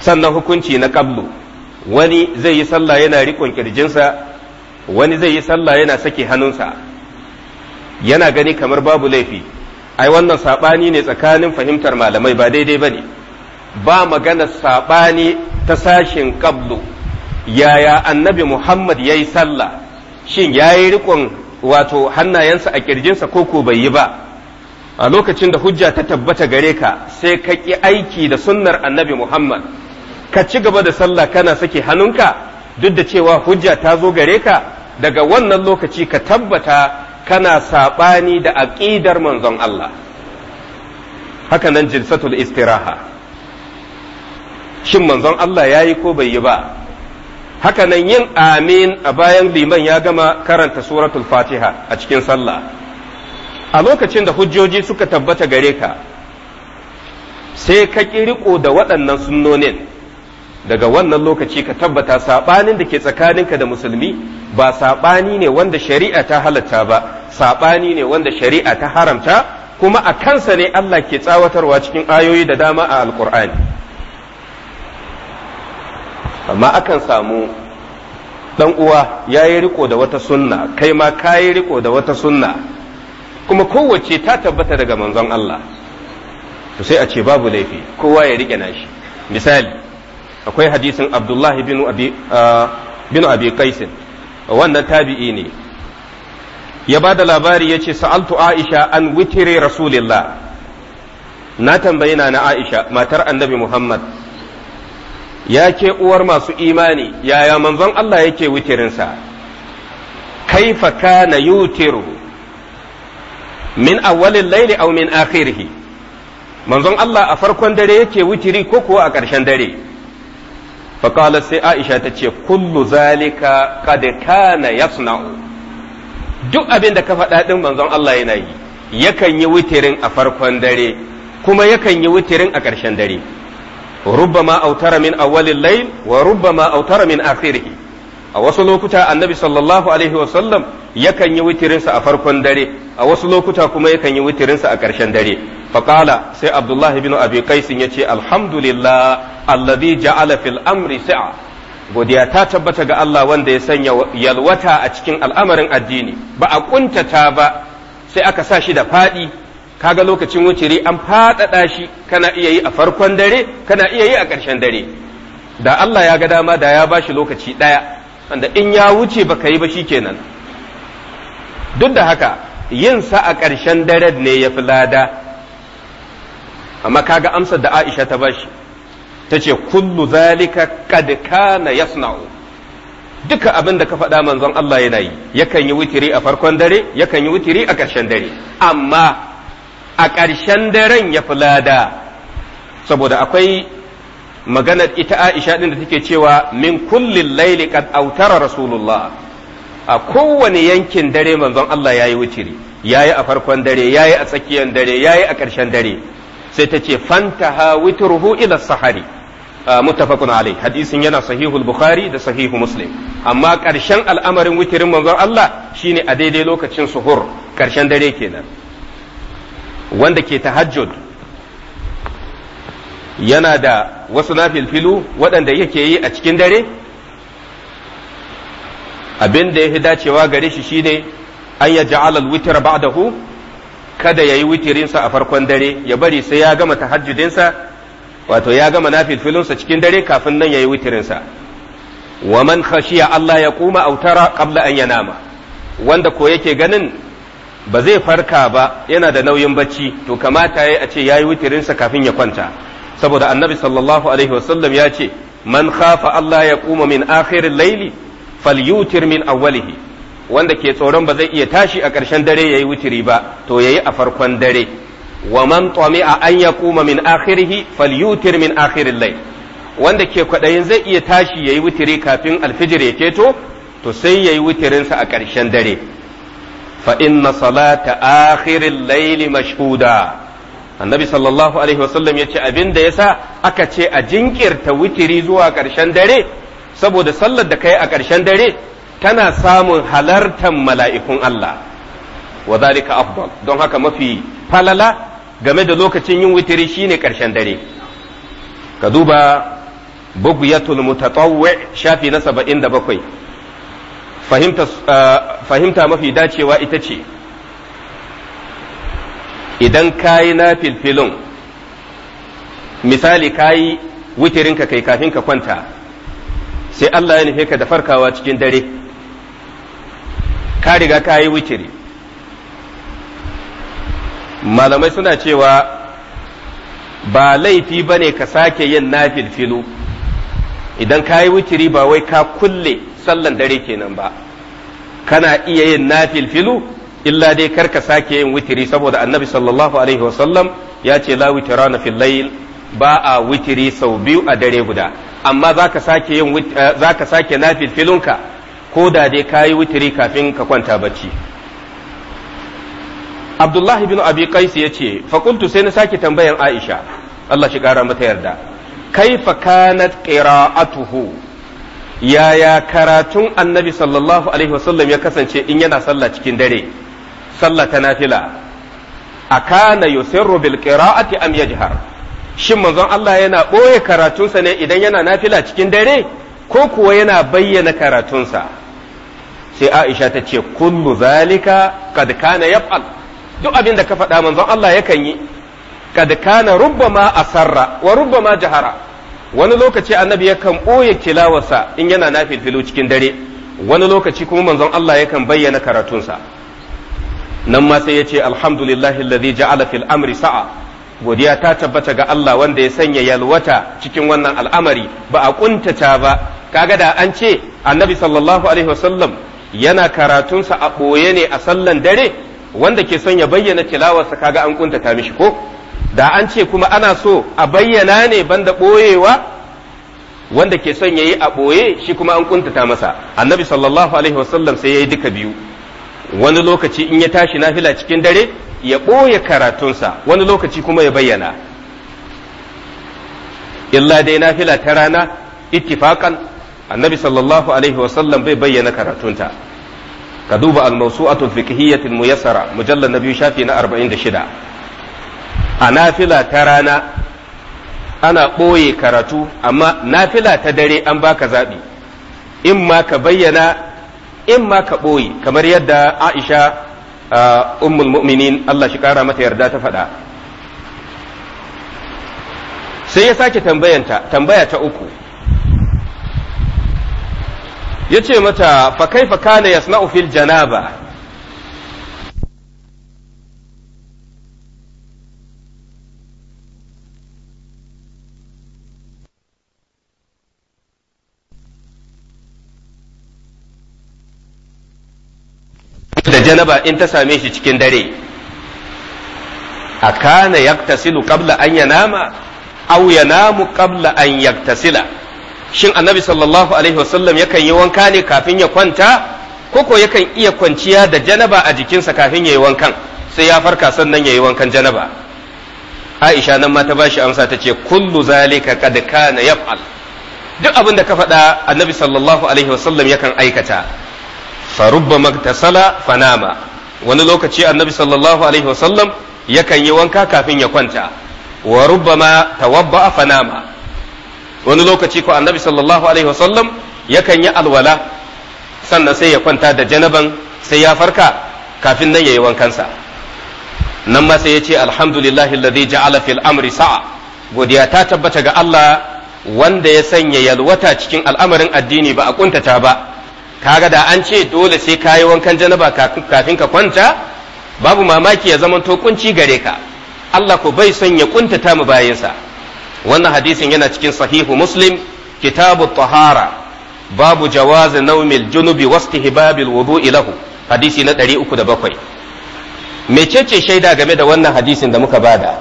sannan hukunci na qablu wani zai yi sallah yana riƙon ƙirjinsa wani zai yi sallah yana sake hannunsa yana gani kamar babu laifi ai wannan saɓani ne tsakanin fahimtar malamai ba daidai ba ne ba magana saɓani ta sashin qablu yaya annabi muhammad ya yi sallah shin ya yi riƙon wato hannayensa a ƙirjinsa ko ko bai yi ba a lokacin da hujja ta tabbata gare ka sai ka ki aiki da sunnar annabi Muhammad ka ci gaba da sallah kana sake hannunka duk da cewa hujja ta zo gare ka daga wannan lokaci ka tabbata kana saɓani da aƙidar manzon Allah haka nan jilsatul istiraha shin manzon Allah ya yi ko bai yi ba haka nan yin amin a bayan liman ya gama karanta suratul fatiha a cikin sallah a lokacin da hujjoji suka tabbata gare ka sai ka riko da waɗannan sunnonin daga wannan lokaci ka tabbata saɓanin da ke tsakaninka da musulmi ba saɓani ne wanda shari'a ta halatta ba saɓani ne wanda shari'a ta haramta kuma a kansa ne Allah ke tsawatarwa cikin ayoyi da dama a alkur'ani amma akan samu ɗan uwa ya yi riko da wata sunna kai ma ka yi riko da wata sunna kuma kowace ta tabbata daga manzon Allah to sai a ce babu laifi kowa ya rike nashi misali akwai hadisin abdullahi bin abi ah, qaisin wannan tabi'i ne ya ba da labari ya ce sa'altu aisha an witire rasulillah na tambayi na na aisha matar annabi muhammad ya ke uwar masu imani yaya manzon Allah yake witirinsa kaifa kana yutiru min awwalil laili aw min akhirih manzon Allah a farkon dare yake witiri ko kuwa a ƙarshen dare fa qala sai Aisha ta ce kullu zalika qad kana yasna'u duk abin da ka faɗa din manzon Allah yana yi yakan yi witirin a farkon dare kuma yakan yi witirin a ƙarshen dare rubbama autara min awwalil layl wa rubbama autara min akhirih a wasu lokuta annabi sallallahu alaihi wasallam yakan yi witirinsa a farkon dare a wasu lokuta kuma yakan yi witirinsa a ƙarshen dare faƙala sai abdullahi bin abi ya yace alhamdulillah alladhi ja'ala fil amri sa'a godiya ta tabbata ga Allah wanda ya sanya yalwata a cikin al'amarin addini ba a kuntata ba sai aka sa shi da faɗi kaga lokacin wutiri an faɗaɗa shi kana iya yi a farkon dare kana iya yi a ƙarshen dare da Allah ya ga dama da ya bashi lokaci ɗaya wanda in ya wuce baka yi ba kenan duk da haka yin sa a ƙarshen daren ne ya fi lada amma kaga amsar da Aisha ta shi ta ce kullu zalika qad kana yasna'u duka abin da ka faɗa manzon Allah yana yi yakan yi wutiri a farkon dare yakan yi wutiri a ƙarshen dare amma a ƙarshen daren ya fi lada saboda akwai maganar ita Aisha din da take cewa min kullin laili qad autara rasulullah a kowane yankin dare manzon Allah yayi wuciri yayi a farkon dare yayi a tsakiyar dare yayi a ƙarshen dare sai ta ce fantaha witruhu ila sahari muttafaqun alai hadisin yana sahihul bukhari da sahihu muslim amma ƙarshen al'amarin witirin manzon Allah shine a daidai lokacin suhur ƙarshen dare kenan wanda ke tahajjud yana da wasu nafilfilu waɗanda yake yi a cikin dare abin da ya fi dacewa gare shi shine an ya ja'alal witir ba'dahu kada ya yi witirinsa a farkon dare ya bari sai ya gama tahajjudinsa wato ya gama nafilfilunsa cikin dare kafin nan ya yi witirinsa wa man khashiya Allah ya kuma autara kabla an yanama wanda ko yake ganin ba zai farka ba yana da nauyin bacci to kamata ya a ce ya yi witirinsa kafin ya kwanta saboda annabi sallallahu alaihi wasallam ya ce man khafa Allah ya kuma min akhirin laili falyutir min awwalihi wanda ke tsoron ba zai iya tashi a ƙarshen dare yayi wutiri ba to yayi a farkon dare wa man tami'a an ya kuma min akhirihi falyutir min akhirin lail wanda ke kwaɗayin zai iya tashi yayi wutiri kafin alfijir ya keto to sai yayi wutirinsa a ƙarshen dare fa inna salata akhirin laili mashhuda annabi sallallahu alaihi wasallam ya ce abin da ya sa aka ce a jinkirta witiri zuwa ƙarshen dare saboda sallar da kai a ƙarshen dare tana samun halartar mala'ikun Allah wa zalika afdal don haka mafi falala game da lokacin yin witiri shine ƙarshen dare ka duba bughyatul mutatawwi shafi na 77 eh, fahimta mafi dacewa ita ce idan ka yi na filfilin misali ka yi witirinka kai kafin ka kwanta sai Allah ya nufe ka da farkawa cikin dare ka riga ka yi witiri malamai suna cewa ba laifi ba ne ka sake yin na filfilu idan ka yi witiri ba wai ka kulle sallan dare kenan ba kana iya yin na filfilu illa dai kar ka sake yin witiri saboda annabi sallallahu alaihi wasallam ya ce la witrana fil layl ba a witiri sau biyu a dare guda amma za ka sake yin eh, za sake ko da dai kayi witiri kafin ka kwanta bacci Abdullahi bin Abi Qais ya ce faƙuntu sai na sake tambayan Aisha Allah shi ƙara mata yarda kaifa kanat qira'atuhu yaya karatun annabi sallallahu alaihi wasallam ya kasance in yana sallah cikin dare sallah ta nafila akana yusirru bil qira'ati am yajhar shin manzon Allah yana ɓoye karatunsa ne idan yana nafila cikin dare ko kuwa yana bayyana karatunsa sai Aisha ta ce kullu zalika kad kana yaf'al duk abin da ka faɗa manzon Allah yakan yi kad kana rubbama asarra wa rubbama jahara wani lokaci annabi yakan ɓoye kilawarsa in yana nafilfilu cikin dare wani lokaci kuma manzon Allah yakan bayyana karatunsa nan ma sai ya ce alhamdulillahi alladhi ja'ala fil amri sa'a godiya ta tabbata ga Allah wanda ya sanya yalwata cikin wannan al'amari ba a kuntata ba kaga da an ce annabi sallallahu alaihi wasallam yana karatunsa a ɓoye ne a sallan dare wanda ke son ya bayyana tilawarsa kaga an kuntata mishi ko da an ce kuma ana so a bayyana ne banda ɓoyewa wanda ke son ya yi a ɓoye shi kuma an kuntata masa annabi sallallahu alaihi wasallam sai yayi duka biyu wani lokaci in ya tashi nafila cikin dare ya ɓoye karatunsa wani lokaci kuma ya bayyana illa dai nafila ta rana ittifaqan annabi sallallahu alaihi wasallam bai bayyana karatunta ka duba al-mawsu'atu fiqhiyyatil muyassara mujallal nabi shafi na 46 a nafila ta rana ana ɓoye karatu amma nafila ta dare an baka zaɓi in ma ka bayyana in ma ka ɓoye kamar yadda aisha ummul mu'minin Allah shi ƙara mata yarda ta faɗa sai ya sake tambayanta tambaya ta uku ya ce mata fa kaifa kana yasna'u fil janaba da janaba in ta same shi cikin dare a kana yaktasilu qabla an yanama aw yanamu qabla an yaktasila shin annabi sallallahu alaihi wasallam yakan yi wanka ne kafin ya kwanta koko yakan iya kwanciya da janaba a jikinsa kafin ya yi wankan sai ya farka sannan ya yi wankan janaba aisha nan ma ta bashi amsa ta ce kullu zalika kad kana yaf'al duk abin da ka faɗa annabi sallallahu alaihi wasallam yakan aikata farubba magtasala fanama wani lokaci annabi sallallahu alaihi wasallam yakan yi wanka kafin ya kwanta wa rubbama tawabba fanama wani lokaci ko annabi sallallahu alaihi wasallam yakan yi alwala sannan sai ya kwanta da janaban sai ya farka kafin nan yayi wankansa nan ma sai ya ce alhamdulillahi alladhi ja'ala fil amri sa'a godiya ta tabbata ga Allah wanda ya sanya yalwata cikin al'amarin addini ba a kuntata ba kaga da an ce dole sai kayi wankan janaba kafin ka kwanta babu mamaki ya zama to kunci gare ka Allah ko bai son ya kuntata mu bayansa wannan hadisin yana cikin sahihu muslim kitabu tahara babu jawazi naumil junubi wastihbabil wudu ilahu hadisi na 307 mecece shaida game da wannan hadisin da muka bada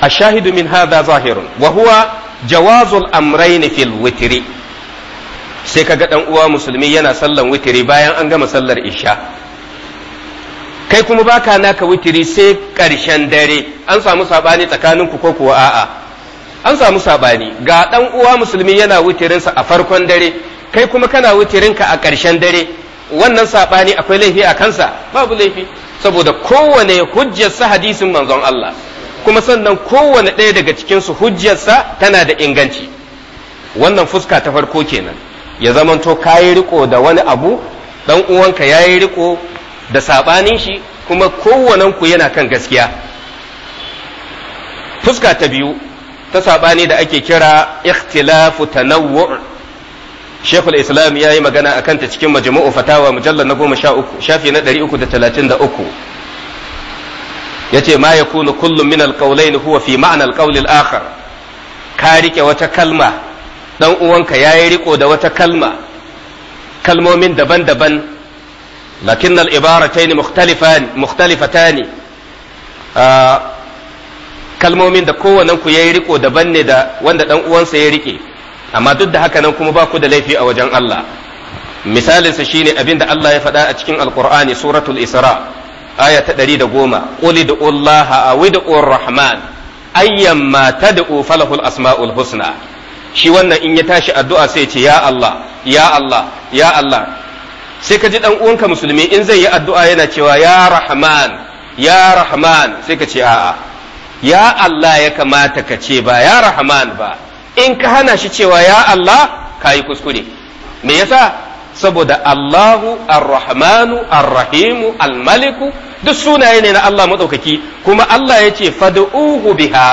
الشاهد من هذا ظاهر وهو جواز الأمرين في الوتر sai kaga ɗan uwa musulmi yana sallan witiri bayan an gama sallar isha kai kuma baka naka witiri sai ƙarshen dare an samu saɓani tsakanin ku ko kuwa a'a an samu saɓani. ga ɗan uwa musulmi yana witirinsa a farkon dare kai kuma kana witirinka a ƙarshen dare wannan saɓani akwai laifi a kansa babu laifi saboda kowane hujjarsa hadisin manzon Allah kuma sannan kowane ɗaya daga cikinsu hujjarsa tana da inganci wannan fuska ta farko kenan ya zamanto yi riko da wani abu dan uwanka ya yi riko da sabanin shi kuma kowananku yana kan gaskiya fuska ta biyu ta sabani da ake kira ikhtilafu tanawwu' Sheikhul Islam ya yi magana akan ta cikin majmu'u fatawa mujallar na goma sha uku shafi na ɗari uku da talatin da uku yace ma yakunu kullum min alqawlain huwa fi ma'na alqawl al-akhar ka rike wata kalma dan uwanka yayi riko da wata kalma kalmomin daban-daban lakin al-ibaratayn mukhtalifan ah, kalmomin da kowannen ku yayi riko daban ne da wanda ɗan uwansa ya rike amma duk da haka nan kuma ba ku da laifi a wajen Allah misalinsa shine abinda Allah ya faɗa a cikin alkur'ani suratul isra' aya ta ɗari da goma ƙuli da Allah a rahman ayyan ta da falahul asma'ul husna shi wannan in ya tashi addu'a sai ce ya Allah ya Allah ya Allah sai ka ji dan uwanka musulmi in zai yi addu'a yana cewa ya Rahman ya Rahman sai ka ce a'a ya Allah ya kamata ka ce ba ya Rahman ba in ka hana shi cewa ya Allah kayi kuskure me yasa saboda Allahu Ar-Rahmanu Ar-Rahimu Al-Maliku duk sunaye ne na Allah madaukaki kuma Allah ya ce fad'uhu biha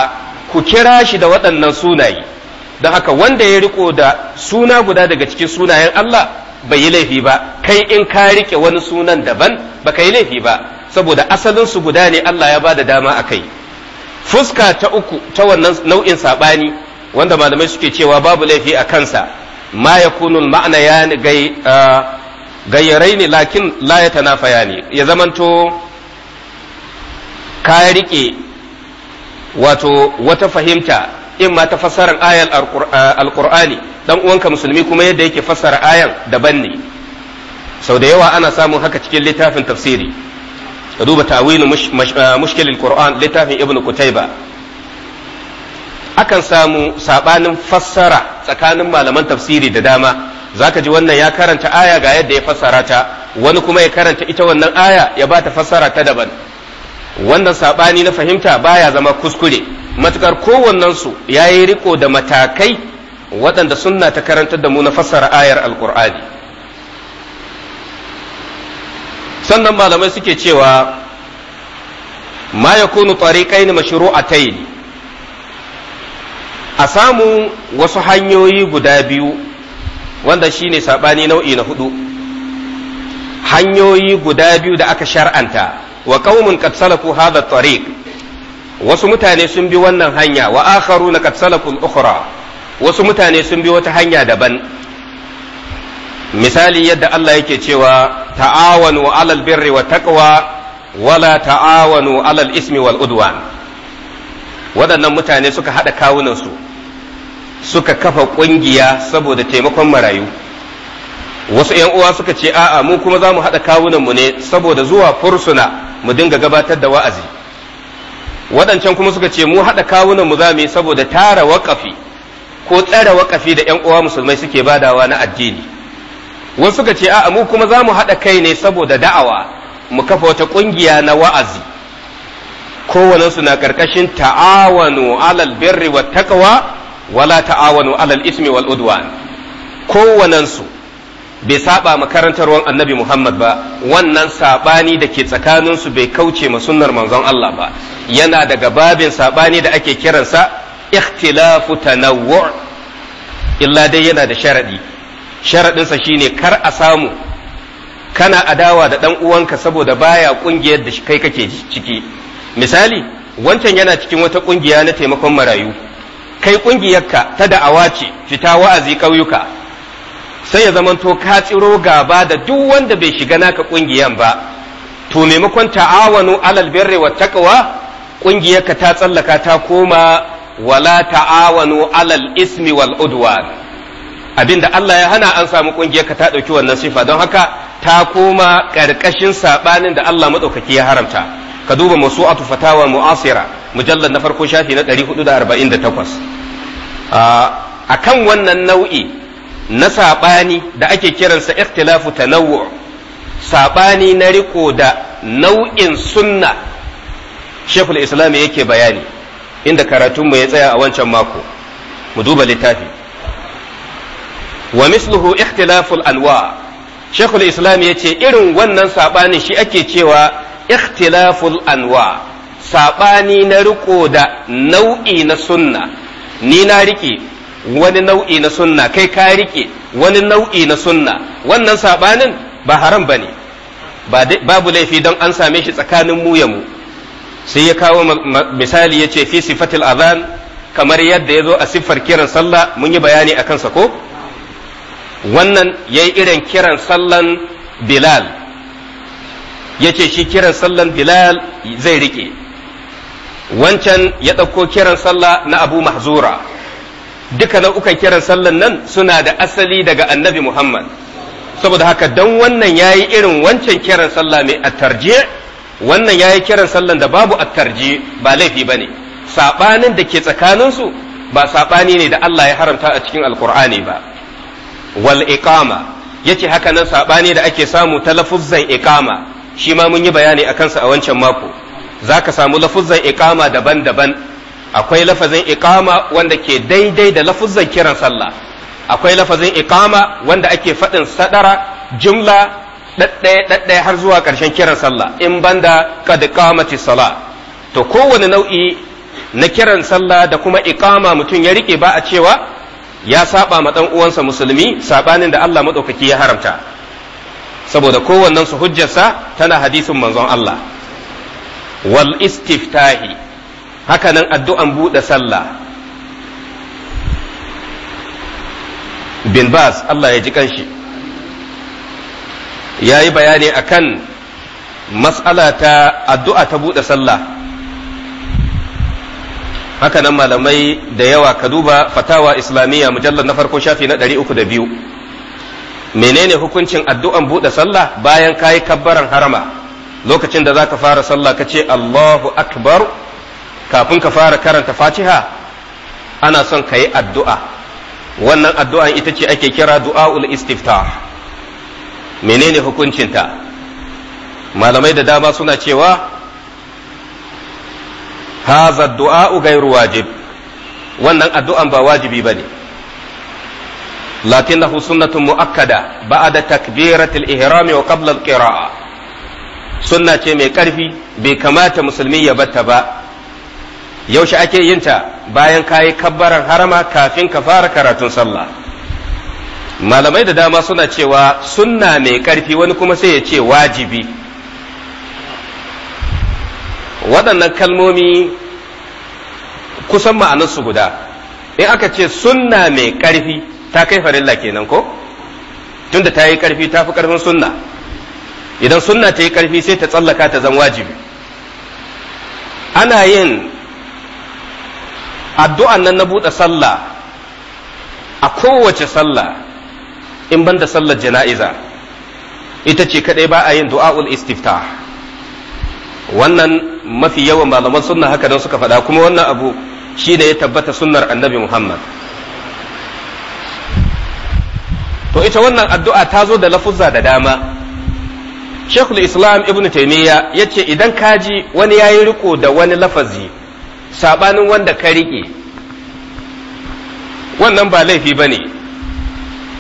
ku kira shi da waɗannan sunaye don haka wanda ya riko da suna guda daga cikin sunayen Allah bai yi laifi ba kai in ka rike wani sunan daban ba ka yi laifi ba saboda asalin su guda ne Allah ya ba da dama a kai fuska ta uku ta wannan nau'in saɓani wanda malamai suke cewa babu laifi a kansa ma ya kunun ma'ana ya gayyarai ne lakin la ya faya ne ya zamanto ka rike wato wata fahimta in ma ta fassarar ayar alkur'ani eh, dan uwanka musulmi kuma yadda yake fassara ayan daban ne sau da yawa ana samun haka cikin littafin tafsiri duba tawilu eh, mushkilin qur'an littafin ibnu kutaiba akan samu sabanin fassara tsakanin malaman tafsiri da dama zaka ji wannan ya karanta aya ga yadda ya fassara ta wani kuma ya karanta ita wannan aya ya ba ta fassara ta daban wannan sabani na fahimta baya zama kuskure matukar kowannensu ya yi riko da matakai waɗanda sunna ta karantar da mu na fassara ayar alkur'ani sannan malamai suke cewa ma ya kunu tariƙai mashru'atayn a samu wasu hanyoyi guda biyu wanda shine saɓani nau'i na hudu hanyoyi guda biyu da aka shar'anta wa qaumun katsalafu hada hadha wasu mutane sun bi wannan hanya wa akharu na katsalakul ukhra wasu mutane sun bi wata hanya daban misali yadda Allah yake cewa ta'awanu 'alal birri wa taqwa wala ta'awanu 'alal ismi wal udwan waɗannan mutane suka haɗa kawunansu suka kafa ƙungiya saboda taimakon marayu wasu 'yan uwa suka ce a'a mu kuma za mu haɗa kawunanmu ne saboda zuwa fursuna mu dinga gabatar da wa'azi waɗancan kuma suka ce mu haɗa kawunan mu za mu yi saboda tara waƙafi ko tsare waƙafi da ƴan uwa musulmai suke badawa na addini wasu suka ce a'a mu kuma za mu haɗa kai ne saboda da'awa mu kafa wata ƙungiya na wa'azi kowanensu na ƙarƙashin ta'awanu alal birri wa taqwa wala ta'awanu alal ismi wal udwan kowanensu bai saba makarantarwar annabi Muhammad ba wannan sabani da ke tsakaninsu bai kauce ma sunnar manzon Allah ba yana daga babin saɓani da ake kiransa ikhtilafu tanawwu illa dai yana da sharadi sharadinsa shine kar a samu kana adawa da dan uwanka saboda baya kungiyar da kai kake ciki misali wancan yana cikin wata kungiya na taimakon marayu kai kungiyarka ta da'awa ce fita wa'azi ƙauyuka sai ya zamanto ka tsiro gaba da duk wanda bai shiga naka kungiyan ba to maimakon ta'awanu alal birri wa taqwa ƙungiyarka ta tsallaka ta koma wala ta'awanu alal ismi wal udwan abinda Allah ya hana an samu ƙungiyarka ta ɗauki wannan sifa don haka ta koma ƙarƙashin saɓanin da Allah maɗaukaki ya haramta ka duba masu'atu fatawa mu'asira mujallar na farko shafi na 448 a kan wannan nau'i na saɓani da ake kiransa ikhtilafu tanawwu saɓani na riko da nau'in sunna shekul islam yake bayani inda karatunmu ya tsaya a wancan mako mu duba littafi wa misluhu ikhtilaful alwa shekul islam ya ce irin wannan saɓanin shi ake cewa ikhtilaful anwa saɓani na riko da nau'i na sunna ni na rike wani nau'i na sunna kai ka rike wani nau'i na sunna wannan saɓanin ba haram ba ne babu laifi don an same shi tsakanin mu ya mu sai ya kawo misali ya ce fi sifatil azan kamar yadda ya zo a siffar kiran sallah mun yi bayani a kansa ko wannan ya yi irin kiran sallan bilal ya ce shi kiran sallan bilal zai rike wancan ya ɗauko kiran sallah na abu mahzura duka nau'ukan kiran sallan nan suna da asali daga annabi muhammad saboda haka don wannan ya yi irin wancan kiran sallah mai attarje wannan ya yi kiran sallan da babu attarji ba laifi ba ne saɓanin da ke tsakaninsu ba saɓani ne da Allah ya haramta a cikin alkur'ani ba wal iqama yace haka nan saɓani da ake samu ta lafuzzan iqama shi ma mun yi bayani a kansa a wancan mako za ka samu lafuzzan iqama daban-daban akwai lafazin iqama wanda ke daidai da lafuzzan kiran sallah akwai lafazin iqama wanda ake faɗin sadara jumla ɗaɗɗaya ɗaɗɗaya har zuwa ƙarshen kiran sallah in banda qad qamati sala to kowane nau'i na kiran sallah da kuma iqama mutum ya rike ba a cewa ya saba ma dan uwansa musulmi saɓanin da Allah madaukaki ya haramta saboda kowannen su hujjarsa tana hadisin manzon Allah wal istiftahi hakanan addu'an buɗe sallah bin bas Allah ya ji kanshi ya yi bayani akan matsala ta addu'a ta buɗe sallah haka nan malamai da yawa ka duba fatawa islamiyya mujallar na farko shafi na ɗari da biyu menene hukuncin addu'an buɗe sallah bayan ka yi kabbaran harama lokacin da za ka fara sallah ka ce Allahu akbar kafin ka fara karanta fatiha ana son ka yi addu'a wannan addu'an ita ce ake kira du'a'ul istiftah menene hukuncinta malamai da dama suna cewa haza du'a gairu wajib wannan addu'an ba wajibi ba ne lakinnahu sunnatun mu'akkada ba'da takbiratul ihrami wa qabla al-qira'a sunna ce mai karfi bai kamata musulmi ya batta ba yaushe ake yinta bayan kayi kabbaran harama kafin ka fara karatun sallah malamai da dama suna cewa sunna mai ƙarfi wani kuma sai ya ce wajibi waɗannan kalmomi kusan ma'anarsu guda in aka ce sunna mai ƙarfi ta kai farilla kenan ko tunda ta yi ƙarfi ta fi ƙarfin sunna idan sunna ta yi ƙarfi sai ta tsallaka ta zan wajibi ana yin addu'an nan na buɗe sallah a kowace sallah in banda sallar jana'iza ita ce kadai ba a yin du'a'ul istifta wannan mafi yawan malaman sunna haka don suka faɗa kuma wannan abu shi ne ya tabbata sunnar annabi muhammad to ita wannan addu'a ta zo da lafuzza da dama shekul islam ibn taimiyya ya ce idan kaji wani ya yi riko da wani lafazi saɓanin wanda ka riƙe wannan ba laifi ba ne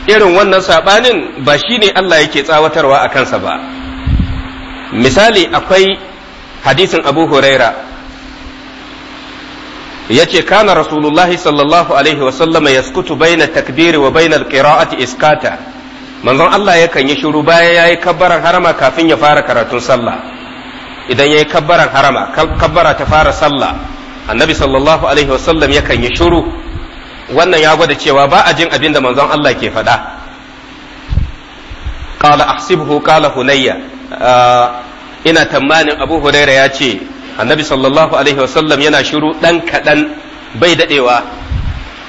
irin wannan saɓanin ba shi ne Allah yake tsawatarwa a kansa ba misali akwai hadisin abu huraira ya ce kana rasulullahi sallallahu alaihi wasallama ya skutu baina takbiri wa bainar qira'ati iskata manzon Allah yakan yi shiru bayan ya yi kabbaran harama kafin ya fara karatun sallah idan ya yi kabbaran harama kabbara ta fara sallah annabi sallallahu alaihi wasallam yakan yi shiru wannan ya gwada cewa ba a jin abin da manzon Allah ke faɗa qala ahsibhu qala hunayya ah, ina tamanin abu huraira ya ce annabi sallallahu alaihi wasallam yana shiru dan kaɗan bai daɗewa,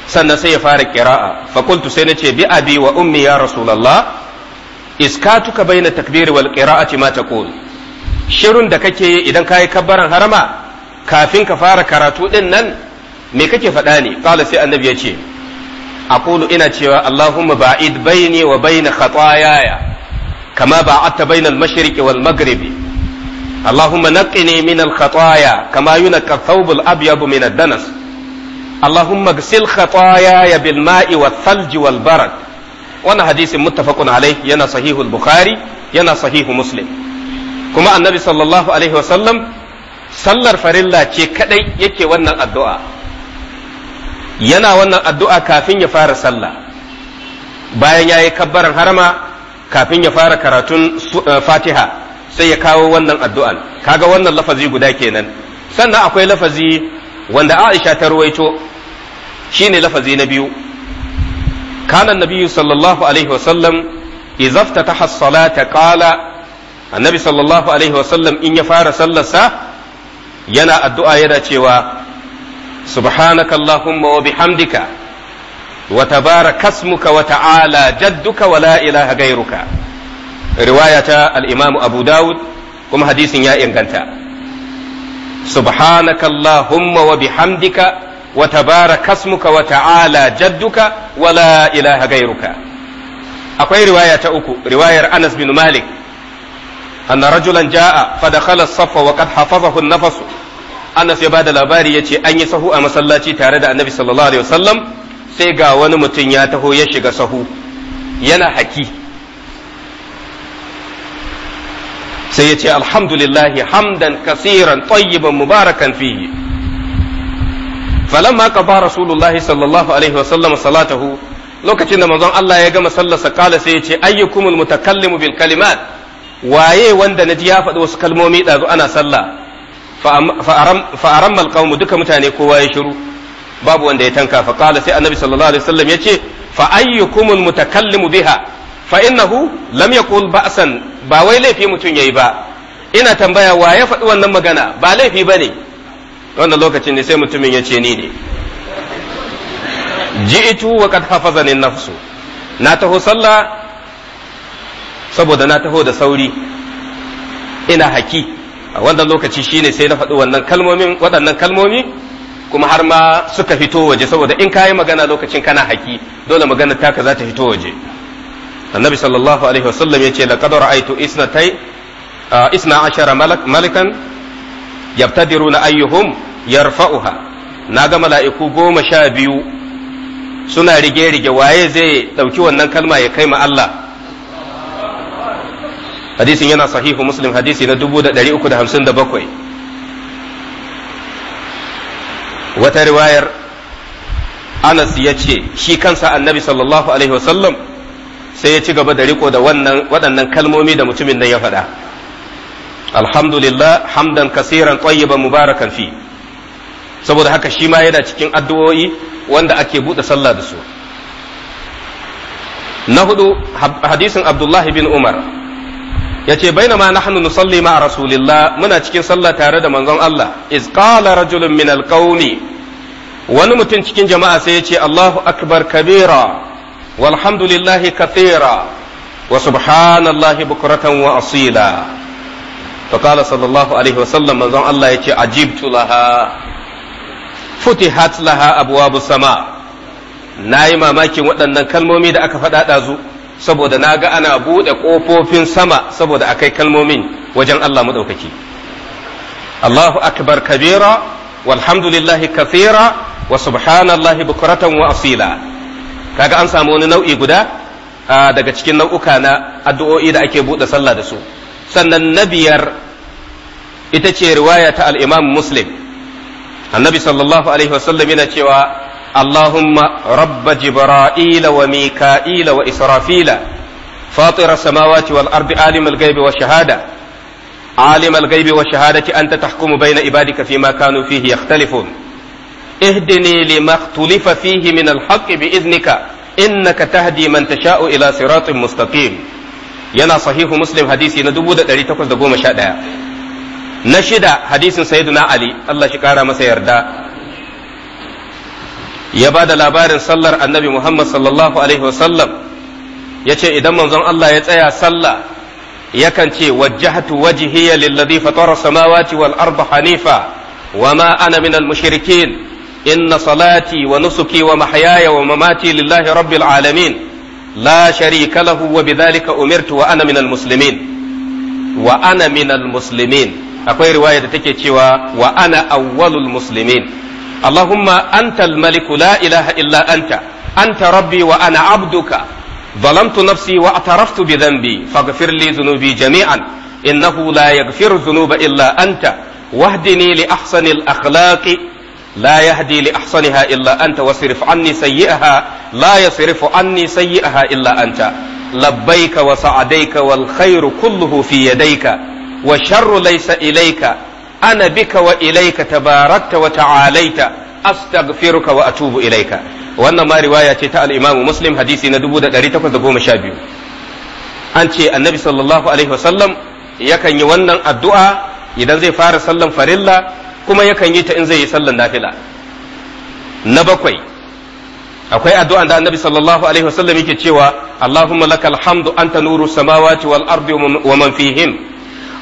sannan sai ya fara kira'a fakultu sai na ce bi abi wa ummi ya rasulullah iskatuka baina takbiri wal qira'ati ma taqul shirun da kake idan kai kabbaran harama kafin ka fara karatu din nan me kake faɗa ne qala sai annabi ya ce aqulu ina cewa allahumma ba'id baini wa baina khataayaya kama ba'adta baina al-mashriqi wal maghribi allahumma naqqini min al-khataaya kama yunqqa ath-thawb al-abyad min ad-danas allahumma ghsil khataayaya bil ma'i wath-thalj wal barad wannan hadisin muttafaqun alayh yana sahihu al-bukhari yana sahihu muslim kuma annabi sallallahu alaihi wa sallam sallar farilla ce kadai yake wannan addu'a yana wannan addu'a kafin ya fara sallah bayan ya yi kabbaran harama kafin ya fara karatun eh, fatiha sai ya kawo wannan addu'an kaga wannan lafazi guda kenan sannan akwai lafazi wanda aisha ta ruwaito shine lafazi na biyu kana nabiyyu sallallahu alaihi wasallam idza ta as-salata annabi sallallahu alaihi wasallam in ya fara sallarsa yana addu'a yana cewa سبحانك اللهم وبحمدك وتبارك اسمك وتعالى جدك ولا إله غيرك رواية الإمام أبو داود كما حديث يا إنغانتا سبحانك اللهم وبحمدك وتبارك اسمك وتعالى جدك ولا إله غيرك أقوي رواية أكو رواية أنس بن مالك أن رجلا جاء فدخل الصف وقد حفظه النفس Anas ya ba da labari ya ce an yi sahu a masallaci tare da annabi sallallahu alaihi wasallam sai ga wani mutum ya taho ya shiga sahu yana haki sai ya ce alhamdulillahi hamdan kasiran tayyiban mubarakan fihi falamma qada rasulullahi sallallahu alaihi wasallam salatahu lokacin da manzon Allah ya gama sallarsa kala sai ya ce ayyukumul mutakallimu bil kalimat waye wanda naji ya faɗi wasu kalmomi ɗazu ana sallah fa'aran alqawmu duka mutane kowa ya shiru babu wanda ya tanka fa kala sai annabi sallallahu alaihi wasallam ce fa kalli mu biha fa innahu lam yaqul ba'san ba wai laifi mutun yayi ba ina tambaya wa ya faɗi wannan magana ba laifi bane wannan lokacin ne sai mutumin ce ni ne ji'itu wa qad hafazani nafsu na taho sallah saboda na taho da sauri ina haki a wannan lokaci shine sai na faɗi wannan kalmomin waɗannan kalmomi kuma har ma suka fito waje saboda in kayi magana lokacin kana haki dole magana taka za ta fito waje annabi sallallahu alaihi wasallam yace laqad ra'aytu isnatai isna ashara malikan yabtadiruna ayyuhum yarfa'uha na ga mala'iku goma sha biyu suna rige rige waye zai dauki wannan kalma ya kai ma Allah hadisin yana sahihu muslim hadisi na 357 wata riwayar anas ya ce shi kansa annabi sallallahu alaihi wasallam sai ya ci gaba da riko da waɗannan kalmomi da mutumin nan ya faɗa alhamdulillah hamdan kasiran tayyiban mubarakan fi saboda haka shi ma yana cikin addu'o'i wanda ake buɗe sallah da su na huɗu hadisin abdullahi bin umar yace bainama nahnu nusalli ma rasulillah muna cikin sallah tare da manzon Allah iz qala rajulun min alqawmi wani mutum cikin jama'a sai yace Allahu akbar kabira walhamdulillahi kathira wa subhanallahi bukratan wa asila to qala sallallahu alaihi sallam manzon Allah yace ajibtu laha futihat laha abwabu sama nayi mamakin waɗannan kalmomi da aka faɗa ɗazu saboda na ga ana buɗe ƙofofin sama saboda a kai kalmomin wajen Allah maɗaukaki. Allahu akbar kabira walhamdulillahi kafira wa subhanallahi bukuratan wa asila kaga an samu wani nau'i guda daga cikin nau'uka na addu'o'i da ake buɗe sallah da su sannan na biyar ita ce riwaya ta alimam Muslim annabi sallallahu alaihi wasallam yana cewa اللهم رب جبرائيل وميكائيل وإسرافيل فاطر السماوات والأرض عالم الغيب والشهادة عالم الغيب والشهادة أنت تحكم بين عبادك فيما كانوا فيه يختلفون اهدني لما اختلف فيه من الحق بإذنك إنك تهدي من تشاء إلى صراط مستقيم yana sahihu muslim hadisi na 1811 na shida نشد حديث سيدنا علي الله شكارا masa yarda ya ba da labarin sallar annabi Muhammad sallallahu Alaihi wasallam ya ce idan manzon Allah ya tsaya sallah yakan ce wajjahtu wajhiya lillazi fatara samawati wal arda hanifa wa ma ana minal mushrikin inna salati wa nusuki wa mahyaya wa mamati lillahi rabbil alamin la sharika lahu wa bidhalika umirtu wa ana minal muslimin wa ana minal muslimin akwai riwaya da take cewa wa ana awwalul muslimin اللهم أنت الملك لا إله إلا أنت أنت ربي وأنا عبدك ظلمت نفسي واعترفت بذنبي فاغفر لي ذنوبي جميعا إنه لا يغفر الذنوب إلا أنت واهدني لأحسن الأخلاق لا يهدي لأحسنها إلا أنت واصرف عني سيئها لا يصرف عني سيئها إلا أنت لبيك وسعديك والخير كله في يديك والشر ليس إليك ana bika wa ilaika tabarakta wa ta'alaita astaghfiruka wa atubu ilaika wannan ma riwaya ce ta al-Imam Muslim hadisi na 1812 an ce annabi sallallahu alaihi wasallam yakan yi wannan addu'a idan zai fara sallan farilla kuma yakan yi ta in zai yi sallan nafila na bakwai akwai addu'a da annabi sallallahu alaihi wasallam yake cewa Allahumma lakal hamdu anta nuru samawati wal ardi wa man fihim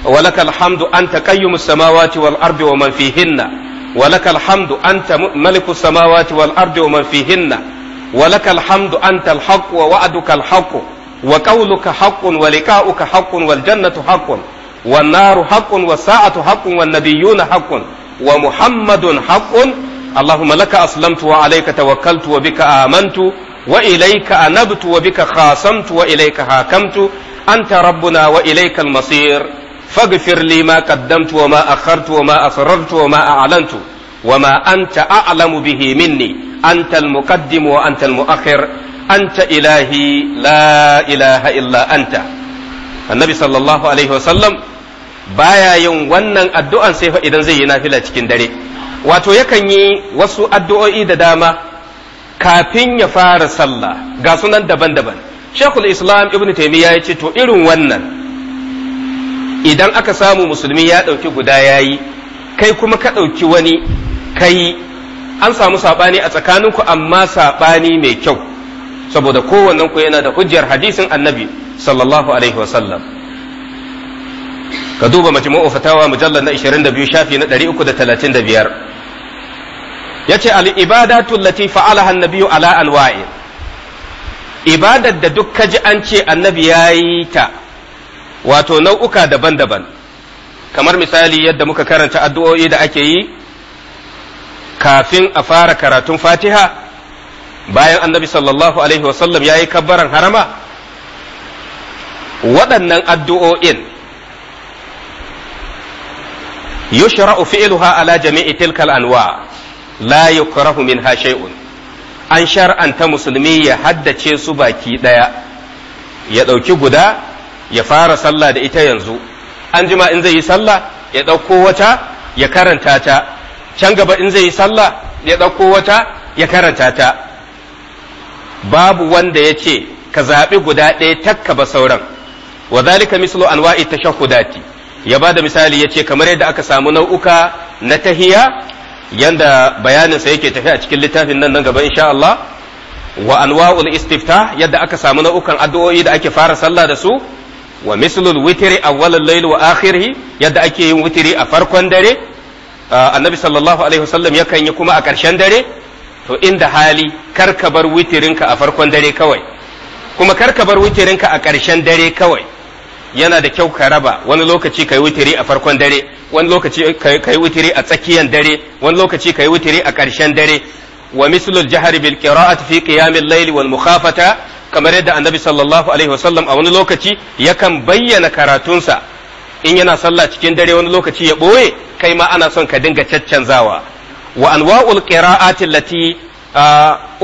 ولك الحمد أنت قيم السماوات والأرض ومن فيهن ولك الحمد أنت ملك السماوات والأرض ومن فيهن ولك الحمد أنت الحق ووعدك الحق وقولك حق ولقاؤك حق والجنة حق والنار حق والساعة حق والنبيون حق ومحمد حق اللهم لك أسلمت وعليك توكلت وبك آمنت وإليك أنبت وبك خاصمت وإليك هاكمت أنت ربنا وإليك المصير faghfir li ma wa ma akhartu wa ma asrartu wa ma a'lantu wa ma anta a'lamu bihi minni anta al-muqaddim wa anta al-mu'akhir anta ilahi la ilaha illa anta annabi sallallahu alaihi wa sallam baya yin wannan addu'an sai fa idan zai yi nafila cikin dare wato yakan yi wasu addu'o'i da dama kafin ya fara sallah ga sunan daban-daban shekul islam ibn taimiyya ya ce to irin wannan idan aka samu musulmi ya ɗauki guda ya yi kai kuma ka ɗauki wani ka yi an samu saɓani a tsakaninku amma saɓani mai kyau saboda kowannen ku yana da hujjar hadisin annabi sallallahu alaihi wasallam ka duba mace fatawa mujallar na 22 shafi na 335 yace al ibadatu lati fa'alaha an ala anwa'i ibadar da duk kaji an ce annabi yayi ta wato nau'uka daban-daban kamar misali yadda muka karanta addu'o'i da ake yi kafin a fara karatun fatiha bayan annabi sallallahu alaihi wasallam ya yi kabbaran harama waɗannan addu'o'in يشرع فعلها ala jami'i tilkal anwa, la yukrahu minha شيء an shar'anta musulmi ya haddace su baki ɗaya ya ɗauki guda ya fara sallah da ita yanzu an jima in zai yi sallah ya ɗauko wata ya karanta ta can gaba in zai yi sallah ya ɗauko wata ya karanta ta babu wanda ya ce ka zaɓi guda ɗaya takka ba sauran wa zalika mislu anwa'i tashahhudati ya bada misali ya ce kamar yadda aka samu nau'uka na tahiya yanda bayaninsa yake tafi a cikin littafin nan nan gaba insha Allah wa anwa'ul istiftah yadda aka samu nau'ukan addu'o'i da ake fara sallah da su wa mislul witri awwalal layl wa akhirih yadda ake yin witri a farkon dare annabi sallallahu alaihi wasallam yakan yi kuma a ƙarshen dare to inda hali kar ka bar witirinka a farkon dare kawai kuma kar ka bar witirinka a ƙarshen dare kawai yana da kyau ka raba wani lokaci kai witiri a farkon dare wani lokaci kai witiri a tsakiyar dare wani lokaci kai witiri a ƙarshen dare wa mislul jihar bil qira'ati fi qiyamil layli wal mukhafata kamar yadda annabi sallallahu alaihi wasallam a wani lokaci yakan bayyana karatunsa in yana sallah cikin dare wani lokaci ya ɓoye kai ma ana son ka dinga caccanzawa wa anwa'ul qira'ati allati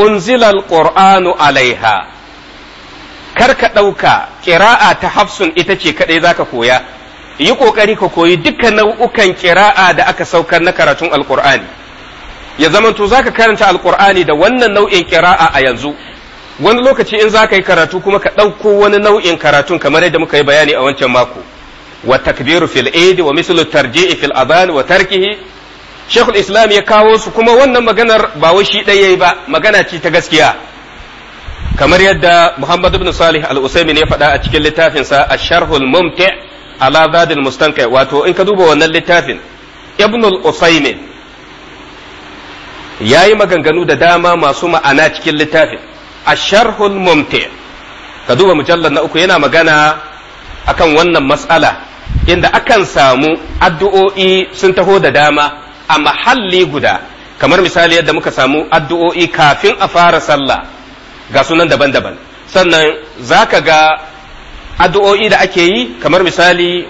unzila alqur'anu alaiha kar ka ɗauka ƙira'a ta hafsun ita ce kaɗai za ka koya yi ƙoƙari ka koyi duka nau'ukan ƙira'a da aka sauka na karatun alƙur'ani ya zamanto zaka karanta alqur'ani da wannan nau'in kira'a a yanzu wani lokaci in zaka yi karatu kuma ka ɗauko wani nau'in karatun kamar yadda muka yi bayani a wancan mako wa takbiru fil wa mislu tarji'i fil adhan wa tarkihi shekul islam ya kawo su kuma wannan maganar ba wai shi ɗaya ba magana ce ta gaskiya kamar yadda muhammad ibn salih al-usaimin ya faɗa a cikin littafinsa a sharhul mumti ala zadil mustanqi wato in ka duba wannan littafin ibn al-usaimin ya yi maganganu da dama masu ma'ana cikin littafin sharhul mumti ka duba mujallar na uku yana magana akan wannan matsala inda akan samu addu'o'i sun taho da dama a mahalli guda kamar misali yadda muka samu addu'o'i kafin a fara sallah ga sunan daban-daban sannan za ka ga addu'o'i da ake yi kamar misali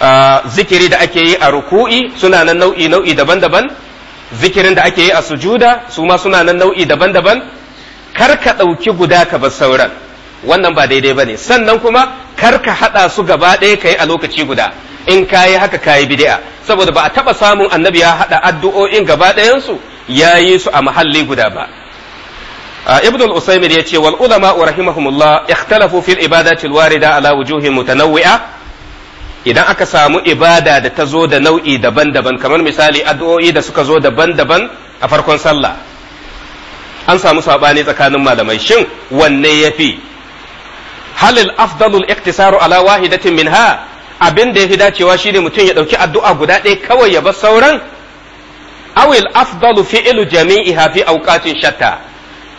ah, zikiri da ake yi a ruku'i suna nan nau'i nau'i daban-daban zikirin da ake yi a sujuda su ma suna nan nau'i daban-daban kar ka ɗauki guda ka bar sauran wannan ba daidai ba ne sannan kuma kar ka haɗa su gaba ɗaya ka yi a lokaci guda in ka yi haka ka yi bidi'a saboda ba a taɓa samun annabi ya haɗa addu'o'in gaba ɗayansu ya yi su a mahalli guda ba ibn al-usaymin ya ce wal ulama rahimahumullah ikhtalafu fil ibadati al-warida ala wujuhin mutanawwi'a idan aka samu ibada da ta zo da nau'i daban-daban kamar misali addu'o'i da suka zo daban-daban a farkon sallah an samu saɓani tsakanin malamai shin wanne ya fi halil afdalul iktisaru ala wahidatin minha abin da ya fi dacewa shine mutum ya ɗauki addu'a guda ɗaya kawai ya bar sauran awil afdalu fi'lu jami'iha fi awqatin shatta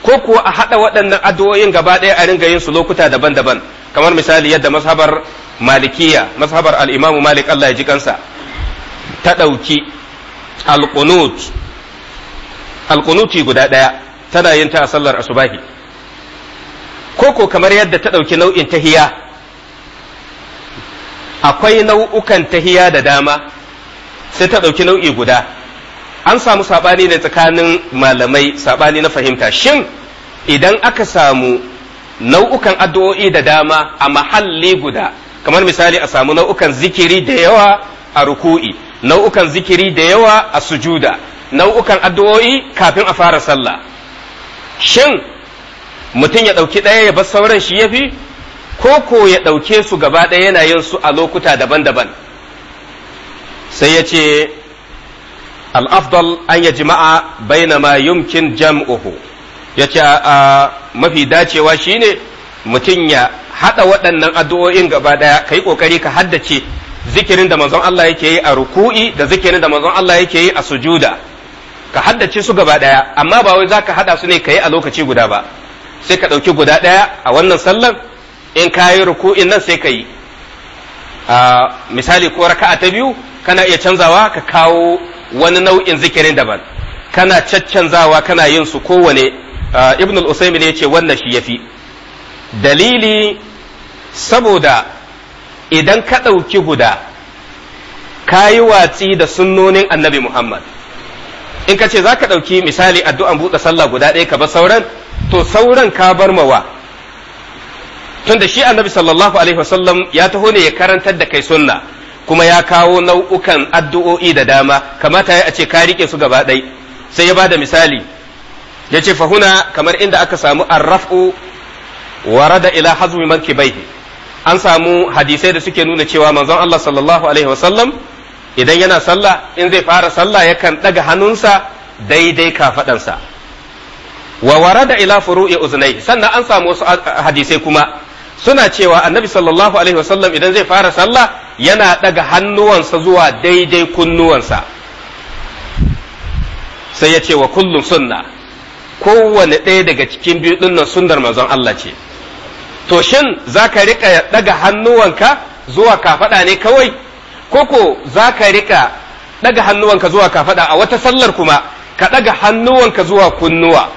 ko kuwa a haɗa waɗannan addu'o'in gaba ɗaya a ringa yin su lokuta daban-daban kamar misali yadda mazhabar malikiya mazhabar al'imamu malik Allah ya ji kansa ta ɗauki alƙunut alƙunuti guda ɗaya tana yin ta a sallar asubahi koko kamar yadda ta ɗauki nau'in tahiya akwai nau'ukan tahiya da dama sai ta ɗauki nau'i guda an samu saɓani ne tsakanin malamai saɓani na fahimta shin idan aka samu nau'ukan addu'o'i da dama a mahalli guda kamar misali a samu nau'ukan zikiri da yawa a ruku'i nau'ukan zikiri da yawa a sujuda nau'ukan addu'o'i kafin a fara sallah shin mutum ya ɗauki ɗaya ya bar sauran shi ya fi ko ko ya ɗauke su gaba ɗaya yana yin su a lokuta daban-daban sai ya ce al'afdal an ya jima'a bainama yumkin jam'uhu ya ce a mafi dacewa shine mutum ya haɗa waɗannan addu'o'in gaba ɗaya ka yi ƙoƙari ka haddace zikirin da manzon Allah yake yi a ruku'i da zikirin da manzon Allah yake yi a sujuda ka haddace su gaba ɗaya amma ba wai za ka haɗa su ne ka yi a lokaci guda ba sai ka ɗauki guda ɗaya a wannan sallan in ka yi ruku'in nan sai ka yi misali ko raka'a ta biyu kana iya canzawa ka kawo wani nau'in zikirin daban kana caccanzawa kana yin su kowane ibn al-usaymin ya ce wannan shi yafi dalili saboda idan ka ɗauki guda ka yi watsi da sunnonin annabi muhammad in ka ce za ka ɗauki misali addu'an buɗe sallah guda ɗaya ka bar sauran to sauran ka bar mawa tunda shi annabi sallallahu alaihi wasallam ya taho ne ya karantar da kai sunna kuma ya kawo nau'ukan addu'o'i da dama kamata ya a ce ka rike su gaba ɗaya sai ya ba da misali ya ce fahuna kamar inda aka samu arraf'u warada ila hazmi mankibaihi an samu hadisai da suke nuna cewa manzon Allah sallallahu alaihi wasallam idan yana sallah in zai fara sallah yakan daga hannunsa daidai kafadansa wa da ila furu'i uznai sannan an samu wasu hadisai kuma suna cewa annabi sallallahu alaihi wasallam idan zai fara sallah yana daga hannuwansa zuwa daidai kunnuwansa sai ya ce wa kullum sunna kowane ɗaya daga cikin biyu ɗin nan sundar manzon Allah ce to shin za ka riƙa ɗaga hannuwanka zuwa kafaɗa ne kawai koko za ka riƙa ɗaga hannuwanka zuwa kafaɗa a wata sallar kuma ka ɗaga hannuwanka zuwa kunnuwa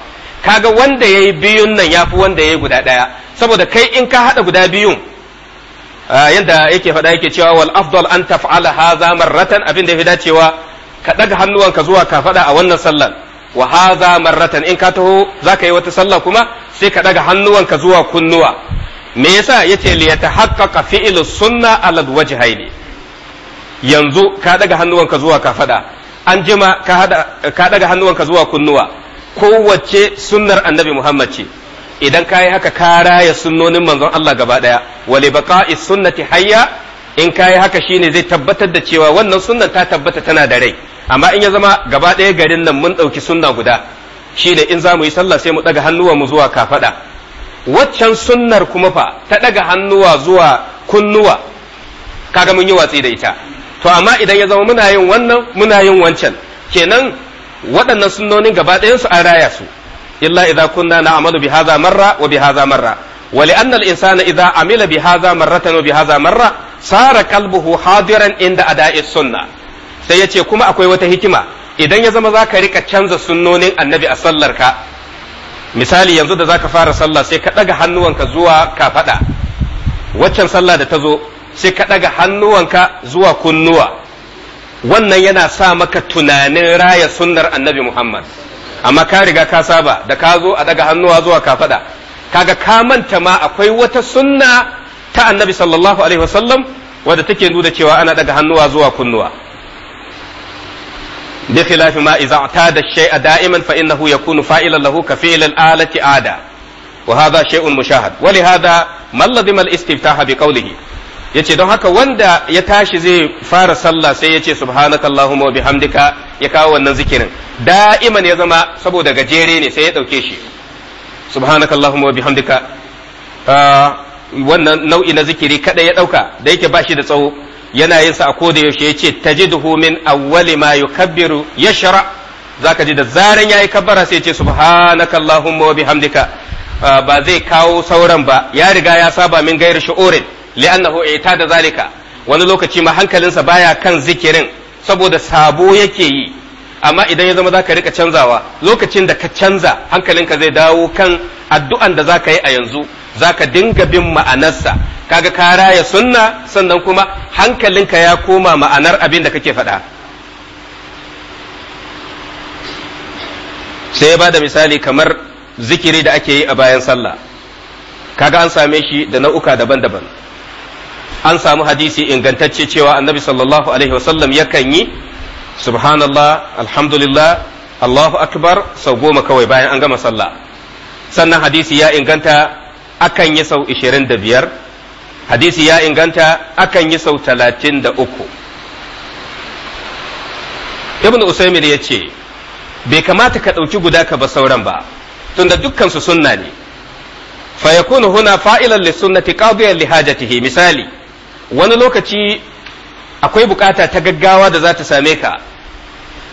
kaga wanda ya yi biyun nan ya fi wanda ya yi guda ɗaya saboda kai in ka haɗa guda biyun yadda yake faɗa yake cewa wal afdal an taf'ala haza marratan abin da ya fi dacewa ka ɗaga hannuwanka zuwa kafaɗa a wannan sallar wa hadha marratan in ka taho zaka yi wata sallah kuma sai ka daga hannuwanka zuwa kunnuwa me yasa yace li yatahaqqaqa fi'lu sunna ala wajhaini yanzu ka daga hannuwanka zuwa kafada an jima ka hada ka daga hannuwanka zuwa kunnuwa kowace sunnar annabi Muhammad ce idan ka yi haka ka raya sunnonin manzon Allah gaba daya wali baqa'i sunnati hayya in ka yi haka shine zai tabbatar da cewa wannan sunnan ta tabbata tana da rai amma in ya zama gaba ɗaya garin nan mun ɗauki sunna guda shi da in za mu yi sallah sai mu ɗaga hannuwa mu zuwa kafaɗa waccan sunnar kuma fa ta ɗaga hannuwa zuwa kunnuwa kaga mun yi watsi da ita to amma idan ya zama muna yin wannan muna yin wancan kenan waɗannan sunnonin gaba ɗayan su an raya su illa idza kunna na'malu bi hadha marra wa bi hadha marra wa li anna al-insana idza amila bi hadha marratan wa bi hadha marra sara qalbuhu hadiran inda ada'i sunnah sai ya ce kuma akwai wata hikima idan ya zama za ka rika canza sunnonin annabi a sallar ka misali yanzu da za ka fara sallah sai ka ɗaga hannuwanka zuwa kafaɗa waccan sallah da ta zo sai ka ɗaga hannuwanka zuwa kunnuwa wannan yana sa maka tunanin raya sunnar annabi Muhammad amma ka riga ka saba da ka zo a ɗaga hannuwa zuwa kafada kaga ka manta ma akwai wata sunna ta annabi sallallahu alaihi wasallam wadda take nuna cewa ana ɗaga hannuwa zuwa kunnuwa bi khilafi ma idza tada shay'a da'iman fa innahu yakunu fa'ilan lahu ka fi'l al-alati ada wa hadha shay'un mushahad wa li hadha man lazima al-istiftaha bi qawlihi yace don haka wanda ya tashi zai fara sallah sai ya ce wa bihamdika ya kawo zikirin da'iman ya zama saboda gajere ne sai ya dauke shi subhanakallahumma wa bihamdika wannan nau'i na zikiri kada ya dauka da yake shi da tsawo yana yin sa a koda yaushe yace tajiduhu min awwali ma yukabbiru yashra zaka ji da zaran yayi kabbara sai yace subhanaka allahumma wa bihamdika ah, ba zai kawo sauran ba ya riga ya saba min gairu shu'urin li'annahu da zalika wani lokaci ma hankalinsa baya kan zikirin saboda sabo yake yi amma idan ya zama zaka ka rika canzawa lokacin da ka canza hankalinka zai dawo kan addu'an da zaka yi a yanzu zaka dinga bin ma'anarsa kaga ka raya sunna sannan kuma hankalinka ya koma ma'anar abin da kake faɗa sai ya bada misali kamar zikiri da ake yi a bayan sallah kaga an same shi da nau'uka daban-daban an samu hadisi ingantacce cewa annabi sallallahu alaihi wasallam yakan yi subhanallah alhamdulillah allahu akbar sau goma kawai bayan an gama sallah sannan hadisi ya inganta akan yi sau 25 hadisi ya inganta akan yi sau 33 ibn usaimir ya ce bai kamata ka ɗauki guda ka ba sauran ba tunda dukkansu sunna ne yakunu huna fa'ilan li sunnati qadiyan li hajatihi misali wani lokaci akwai bukata ta gaggawa da za ta same ka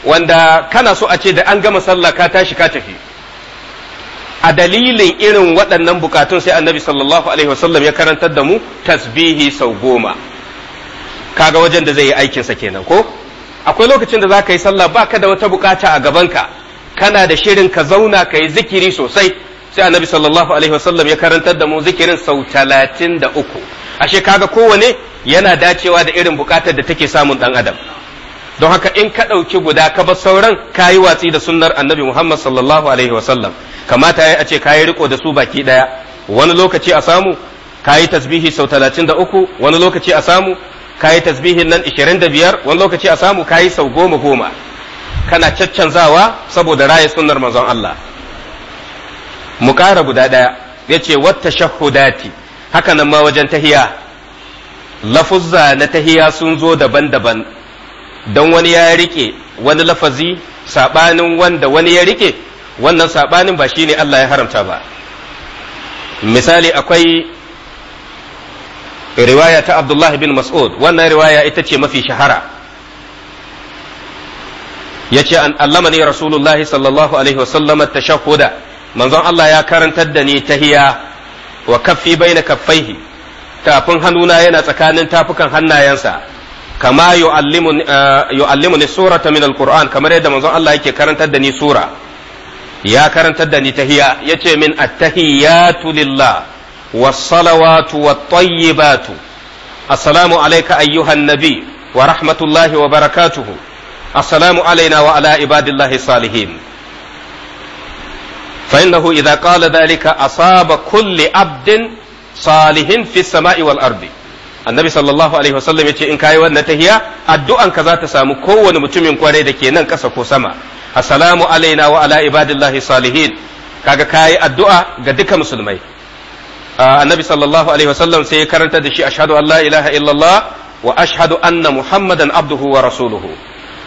wanda kana so a ce da an gama sallah ka tashi ka tafi a dalilin irin waɗannan bukatun sai annabi sallallahu alaihi wasallam ya karantar da mu tasbihi sau goma kaga wajen da zai yi aikinsa kenan ko akwai lokacin da za ka yi sallah baka da wata bukata a gabanka kana da shirin ka zauna ka yi zikiri sosai sai annabi sallallahu alaihi wasallam ya karantar da mu zikirin sau talatin da uku ashe kaga kowane yana dacewa da irin bukatar da take samun dan adam don haka in ka ɗauki guda ka bar sauran ka yi watsi da sunnar annabi muhammad sallallahu alaihi wasallam kamata ya a ce kayi riko da su baki ɗaya wani lokaci a samu kayi tasbihi sau talatin da uku wani lokaci a samu kayi tasbihi nan ishirin da biyar wani lokaci a samu kayi sau goma goma kana caccanzawa saboda raya sunnar manzon Allah mu ƙara guda ɗaya ya ce wata shahudati haka nan ma wajen tahiya lafuzza na tahiya sun zo daban-daban don wani ya riƙe wani lafazi saɓanin wanda wani ya rike wannan saɓanin ba ne Allah ya haramta ba misali akwai riwaya ta Abdullahi bin Mas'ud wannan riwaya ita ce mafi shahara yace an allama ne rasulullahi sallallahu alaihi wasallam tashahhuda manzon Allah ya karantar da ni tahiya wa kaffi baina kaffaihi tafin hannuna yana tsakanin tafukan hannayensa kama eh, yu'allimuni surata min alquran kamar yadda manzon Allah yake karantar da ni sura ya karantar da ni tahiya ce min at-tahiyatu lillah was-salawatu wat-tayyibatu assalamu alayka ayyuhan nabi wa rahmatullahi wa barakatuhu assalamu alayna wa ala ibadillahi salihin فإنه إذا قال ذلك أصاب كل عبد صالح في السماء والأرض annabi sallallahu alaihi wasallam yace in kayi wannan tahiya addu'an ka za ta samu kowane mutumin kwarai da ke nan ƙasa ko sama Asalamu alaina wa ala ibadillahi ka kaga kayi addu'a ga duka musulmai annabi sallallahu alaihi wasallam sai ya karanta da shi ashhadu an la ilaha illallah wa ashhadu anna muhammadan abduhu wa rasuluhu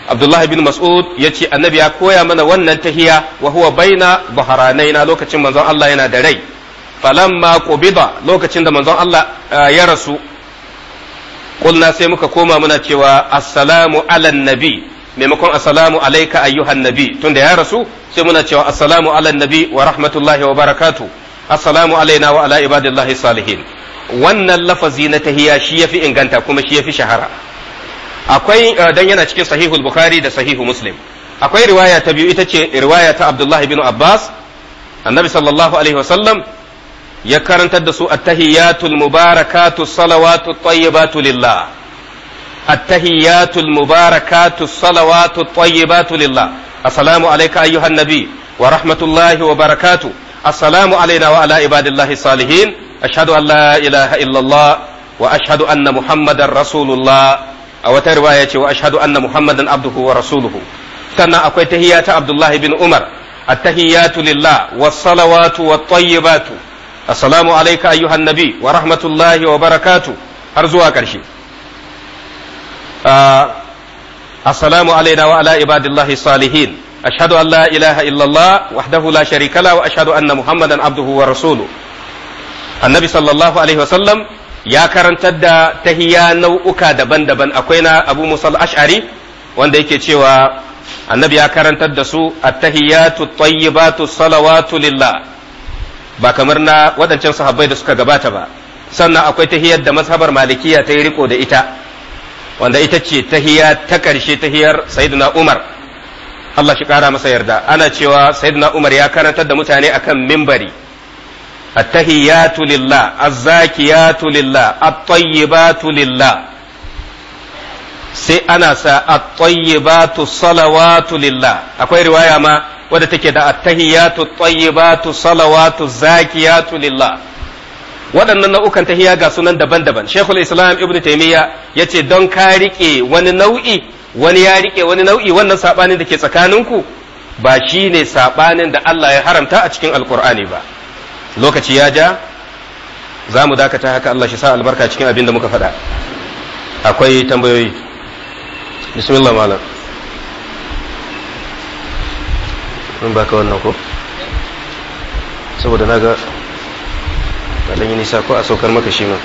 abdullahi bin mas'ud ya ce annabi ya koya mana wannan tahiya wa huwa baina baharanaina lokacin manzon Allah yana da rai falamma qubida lokacin da manzon Allah ya rasu kulna sai muka koma muna cewa assalamu ala nabi maimakon assalamu alaika ayyuhan nabi tunda ya rasu sai muna cewa assalamu ala nabi wa rahmatullahi wa barakatu assalamu alaina wa ala ibadillahi salihin wannan lafazi na tahiya shi yafi inganta kuma shi yafi shahara akwai eh, dan yana cikin sahihul bukhari da sahihu muslim akwai riwaya ta biyu ita ce riwaya ta abdullahi bin abbas annabi sallallahu alaihi wasallam ya karantar da su at-tahiyatul mubarakatu salawatu tayyibatu lillah التحيات المباركات الصلوات الطيبات لله السلام عليك أيها النبي ورحمة الله وبركاته السلام علينا وعلى عباد الله الصالحين أشهد أن لا إله إلا الله وأشهد أن محمدا رسول الله أو رواية وأشهد أن محمدا عبده ورسوله sannan akwai tahiyya ta Abdullahi bin Umar at-tahiyyatu lillah was-salawatu wat-tayyibatu assalamu alayka ayyuhan nabi wa rahmatullahi wa barakatuh har zuwa ƙarshe assalamu alaina wa ala ibadillahi salihin ashhadu an la illallah wahdahu la sharika la wa anna muhammadan abduhu wa rasuluhu annabi sallallahu alaihi wasallam ya karantar da tahiya nau'uka daban-daban akwai na abu musal ash'ari wanda yake cewa annabi ya karantar da su a tahiyatu tayyibatu salawatu lillah ba kamar na waɗancan sahabai da suka gabata ba sannan akwai tahiyar da mazhabar malikiya ta yi riko da ita wanda ita ce tahiya ta ƙarshe tahiyar sayyidina Umar Allah shi ƙara masa yarda ana cewa sayyidina Umar ya karantar da mutane akan mimbari at-tahiyatu lillah az-zakiyatu lillah at-tayyibatu lillah sai ana sa at-tayyibatu salawatu lillah akwai riwaya ma wadda take da at-tahiyatu at-tayyibatu salawatu zakiyatu lillah waɗannan nau'ukan tahiya ga sunan daban-daban shekul islam ibn taimiyya ya ce don ka riƙe wani nau'i wani ya riƙe wani nau'i wannan saɓanin da ke tsakaninku ba shi ne saɓanin da allah ya haramta a cikin alkur'ani ba lokaci ya ja za mu dakata haka allah shi sa albarka cikin abin da muka faɗa akwai tambayoyi bismillah malam mun baka wannan ko saboda na ka dan yi nisa ko a saukar maka shi ma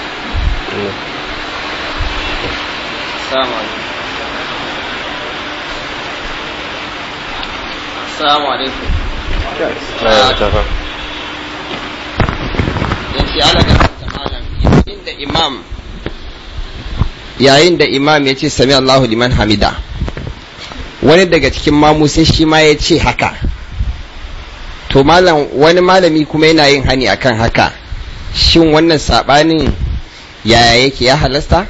yayin da imam ya ce sami Allahu liman hamida wani daga cikin mamusin shi ma ya ce haka to malam wani malami kuma yana yin hani akan haka shin wannan saɓanin yaya yake ya halasta?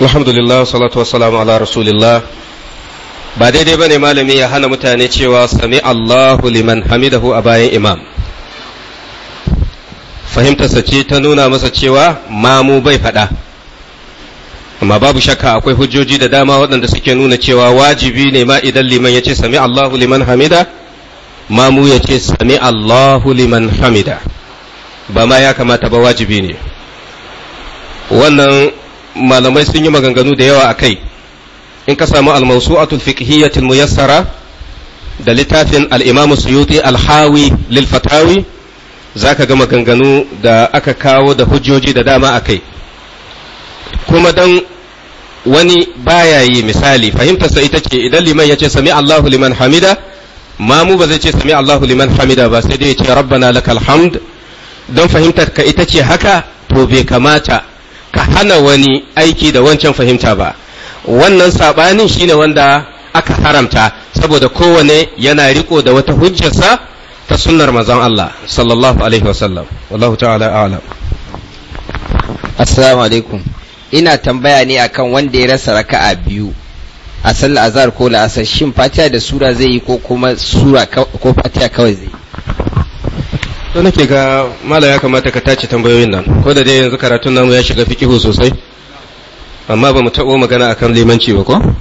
alhamdulillah salatu wassalamu ala rasulillah ba daidai ba ne malami ya hana mutane cewa sami Allahu liman hamidahu a bayan imam fahimtarsa ce ta nuna masa cewa mamu bai faɗa amma babu shakka akwai hujjoji da dama waɗanda suke nuna cewa wajibi ne ma idan liman ya ce sami Allahu liman hamida mamu ya ce sami Allahu liman hamida ba ma ya kamata ba wajibi ne wannan malamai sun yi maganganu da yawa a kai in ka samu almawsu'atul fiqhiyyatul muyassara da littafin al'imamu imam suyuti al-hawi lil zaka ga maganganu da aka kawo da hujjoji da dama a kai kuma dan wani baya yi misali fahimtarsa ita ce idan liman ya ce sami Allahu liman hamida mamu ba zai ce sami Allahu liman hamida ba sai dai ya ce rabbana lakal hamd don fahimtar ka ita ce haka to bai kamata ka hana wani aiki da wancan fahimta ba wannan sabanin shine wanda aka haramta saboda kowane yana riko da wata hujjarsa ta sunnar manzon Allah sallallahu alaihi wasallam wallahu ta'ala a'lam assalamu alaikum ina tambaya ne akan wanda ya rasa raka'a biyu a sallar azhar ko la'asar shin fatiha da sura zai yi ko kuma sura ko fatiha kawai zai yi to nake ga mala ya kamata ka tace tambayoyin nan ko da dai yanzu karatun namu ya shiga fikihu sosai amma ba mu taɓo magana akan limanci ba ko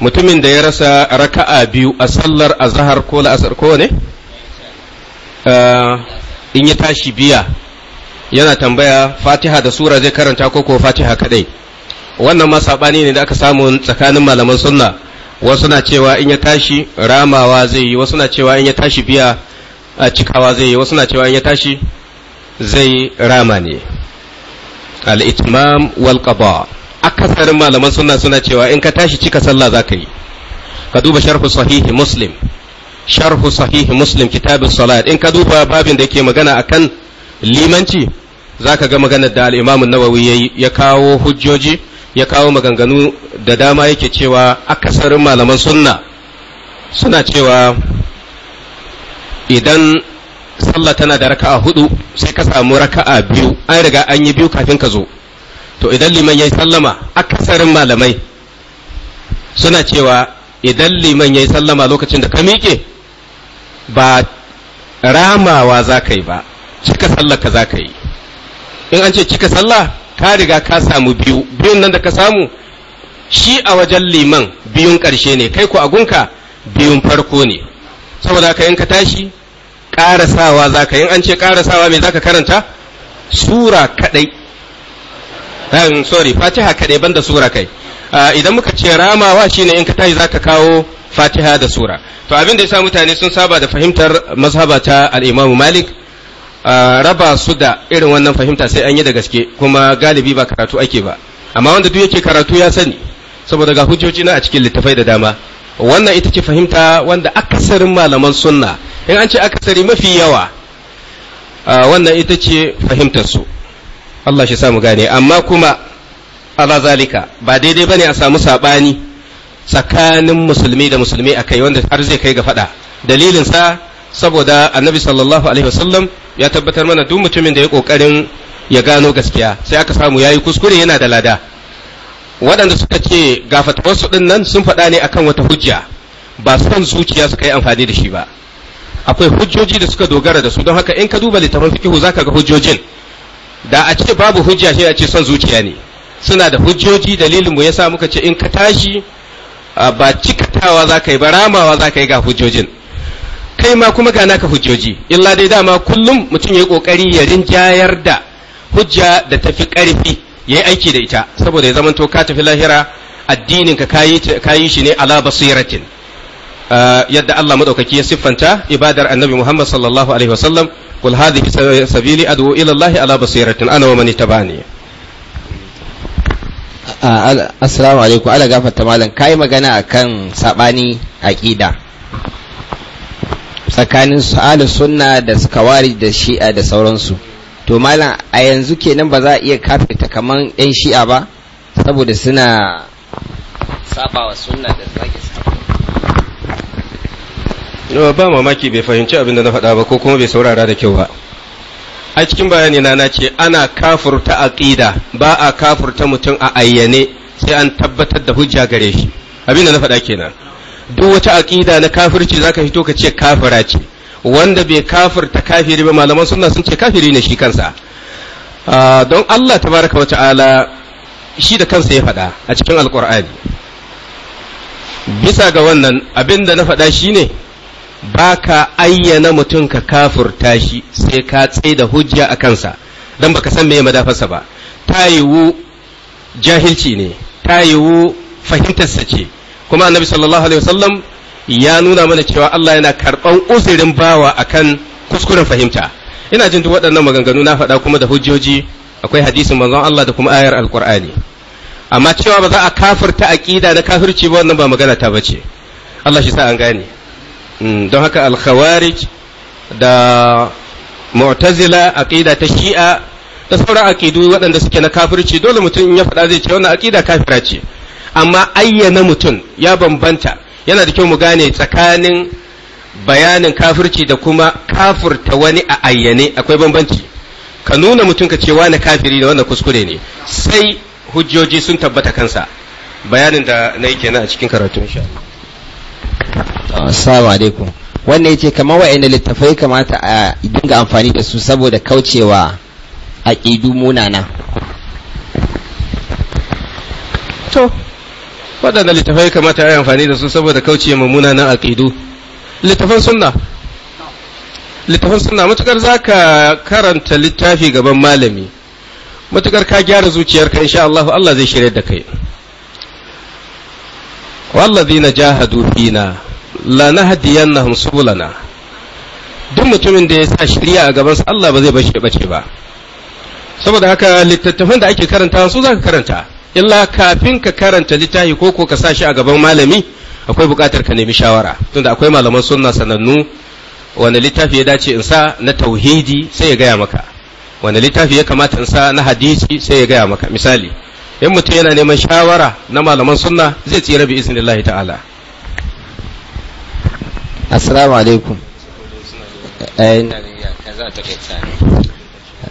mutumin da ya rasa raka'a biyu a sallar azhar ko la'asar ko ne ah, in ya tashi biya yana tambaya fatiha da sura zai karanta ko ko fatiha kadai wannan ma saɓani ne da aka samu tsakanin malaman sunna wasu na cewa in ya tashi ramawa zai yi wasu na cewa in ya tashi biya a cikawa zai yi wasu na cewa in ya tashi zai rama ne al-itmam wal qada akasarin malaman sunna suna cewa in ka tashi cika sallah zaka yi ka duba sharhu sahihi muslim sharhu sahihi muslim kitabus salat in ka duba babin da yake magana akan limanci zaka ga maganar da al-imam an-nawawi ya kawo hujjoji ya kawo maganganu da dama yake cewa akasarin malaman sunna suna cewa idan sallah tana da raka'a hudu sai ka samu raka'a biyu an riga an yi biyu kafin ka zo to idan liman ya yi sallama akasarin malamai suna cewa idan liman ya yi sallama lokacin da ka miƙe ba ramawa za ka yi ba cika sallar ka za ka yi in an ce cika sallah ka riga ka samu biyu biyun nan da ka samu shi a wajen liman biyun ƙarshe ne kai ku gunka biyun farko ne saboda ka yin ka tashi ƙarasawa za ka yin an ce ƙarasawa me za ka karanta sura kaɗai sorry fatiha kaɗai banda sura kai idan muka ce ramawa shine in ka tashi za ka kawo fatiha da sura to abin da ya sa mutane sun saba da fahimtar mazhaba ta al malik raba su da irin wannan fahimta sai an yi da gaske kuma galibi ba karatu ake ba amma wanda duk yake karatu ya sani saboda ga hujjoji na a cikin littafai da dama wannan ita ce fahimta wanda akasarin malaman sunna in an ce akasari mafi yawa wannan ita ce fahimtar su Allah shi mu gane amma kuma ala zalika ba daidai bane a samu sabani tsakanin musulmi da musulmi akai wanda har zai kai ga fada dalilin sa saboda annabi sallallahu alaihi wasallam ya tabbatar mana duk mutumin da ya kokarin ya gano gaskiya sai aka samu yayi kuskure yana da lada waɗanda suka ce ga fatawarsu nan sun faɗa ne akan wata hujja ba son zuciya suka yi amfani da shi ba akwai hujjoji da suka dogara da su don haka in ka duba littafin fikihu zaka ga hujjojin da a ce babu hujja shi a ce son zuciya ne suna da hujjoji dalilin mu yasa muka ce in ka tashi ba cikatawa zaka yi ba ramawa zaka yi ga hujjojin kai ma kuma ga naka hujjoji illa dai dama kullum mutum ya yi kokari ya rinjayar da hujja da tafi karfi ya yi aiki da ita saboda ya zamanto ka tafi lahira addinin ka kayi shi ne ala basiratin ah, yadda Allah madaukaki ya siffanta ibadar annabi Muhammad sallallahu alaihi wasallam qul hadhihi sabili ad'u ila Allah ala basiratin ana wa man tabani ah, assalamu alaikum ala gafarta malam kai magana akan sabani aqida tsakanin su ahlus sunna da suka wari da shi'a da sauransu to malam a yanzu kenan ba za a iya kafirta kaman yan shi'a ba saboda suna saba wa sunna da zage saba ba mamaki bai fahimci abin da na faɗa ba ko kuma bai saurara da kyau ba a cikin bayani na na ce ana kafurta aqida ba a kafurta mutum a ayyane sai an tabbatar da hujja gare shi abin da na faɗa kenan duk wata aƙida na kafirci zaka fito ka ce kafira ce wanda bai kafirta kafiri ba malaman sunna sun ce kafiri ne shi kansa ah, don Allah tabaraka wa ta'ala shi da kansa ya faɗa a cikin alqur'ani bisa ga wannan abin da na faɗa shine ba ka ayyana mutum ka kafurta shi sai ka da hujja a kansa don baka san meye madafarsa ba ta yiwu jahilci ne ta yiwu fahimtarsa ce kuma annabi sallallahu alaihi wasallam ya nuna mana cewa Allah yana karɓan uzurin bawa akan kuskuren fahimta ina jin duk waɗannan maganganu na faɗa kuma da hujjoji akwai hadisin manzon Allah da kuma ayar alqur'ani amma cewa ba za a kafirta aqida na kafirci ba wannan ba magana ta bace Allah shi sa an gane hmm, don haka al-khawarij da mu'tazila aqida ta shi'a da sauran aqidu waɗanda suke na kafirci dole mutum in ya faɗa zai ce wannan aqida kafira ce amma ayyana mutum ya bambanta yana da kyau mu gane tsakanin bayanin kafirci da kuma kafurta wani a ayyane akwai bambanci ka nuna mutum ka ce wani kafiri da wannan kuskure ne sai hujjoji sun tabbata kansa bayanin da na yi kenan a cikin karatu insha Allah alaikum wannan yace kamar wa'annan littafai kamata a dinga amfani da su saboda kaucewa aqidu munana to waɗanda littafai kamata a yi amfani da su saboda kauce ma munanan aƙidu littafan sunna littafan sunna matukar za ka karanta littafi gaban malami matukar ka gyara zuciyarka insha Allah Allah zai shirya da kai wallazina jahadu fina la nahdiyannahum subulana duk mutumin da ya sa shirya a gabansa Allah ba zai bace bace ba saboda haka littattafan da ake karanta su za ka karanta illa kafin ka karanta littafi ko ko ka sashi a gaban malami akwai buƙatar ka nemi shawara tunda akwai malaman sunna sanannu wani littafi ya dace in sa na tauhidi sai ya gaya maka wani littafi ya kamata in sa na hadisi sai ya gaya maka misali in mutum yana neman shawara na malaman sunna zai tsira bi iznillahi ta'ala assalamu alaikum ai kaza ta kai tsani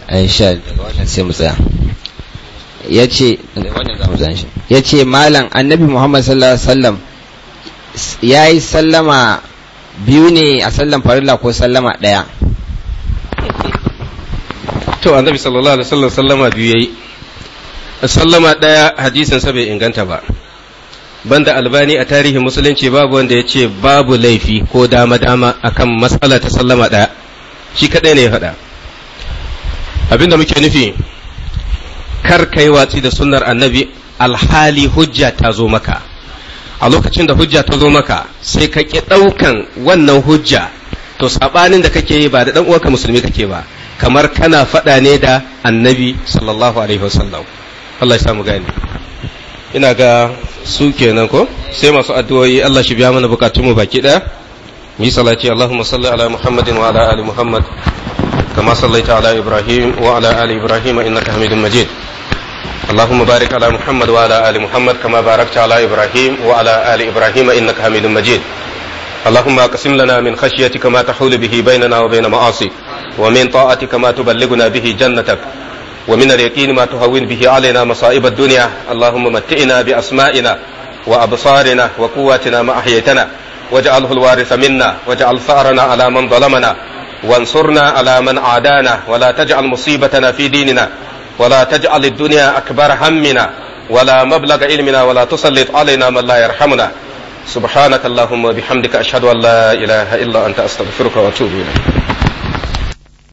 ai sha daga wannan sai mu tsaya ya ce ya ce malam annabi muhammad sallallahu alaihi wasallam ya yi sallama biyu ne a sallan farilla ko sallama ɗaya to annabi sallallahu alaihi wasallam sallama biyu yayi sallama ɗaya hadisin sa bai inganta ba banda albani a tarihin musulunci babu wanda ya ce babu laifi ko dama dama akan matsala ta sallama ɗaya shi kaɗai ne ya faɗa abinda muke nufi kar ka yi watsi da sunnar annabi alhali hujja ta zo maka a lokacin da hujja ta zo maka sai ka ki ɗaukan wannan hujja to saɓanin da kake yi ba da ɗan uwanka musulmi kake ba kamar kana faɗa ne da annabi sallallahu alaihi wasallam Allah ya samu gani ina ga su kenan ko sai masu addu'o'i Allah shi biya mana bukatunmu baki ɗaya mu yi salati Allahumma salli ala Muhammadin wa ala ali Muhammad كما صليت على إبراهيم وعلى آل إبراهيم إنك حميد مجيد اللهم بارك على محمد وعلى آل محمد كما باركت على إبراهيم وعلى آل إبراهيم إنك حميد مجيد اللهم اقسم لنا من خشيتك ما تحول به بيننا وبين معاصيك ومن طاعتك ما تبلغنا به جنتك ومن اليقين ما تهون به علينا مصائب الدنيا اللهم متئنا بأسمائنا وأبصارنا وقواتنا ما أحييتنا واجعله الوارث منا واجعل ثأرنا على من ظلمنا وانصرنا على من عادانا ولا تجعل مصيبتنا في ديننا ولا تجعل الدنيا أكبر همنا ولا مبلغ علمنا ولا تسلط علينا من لا يرحمنا سبحانك اللهم وبحمدك أشهد أن لا إله إلا أنت أستغفرك وأتوب إليك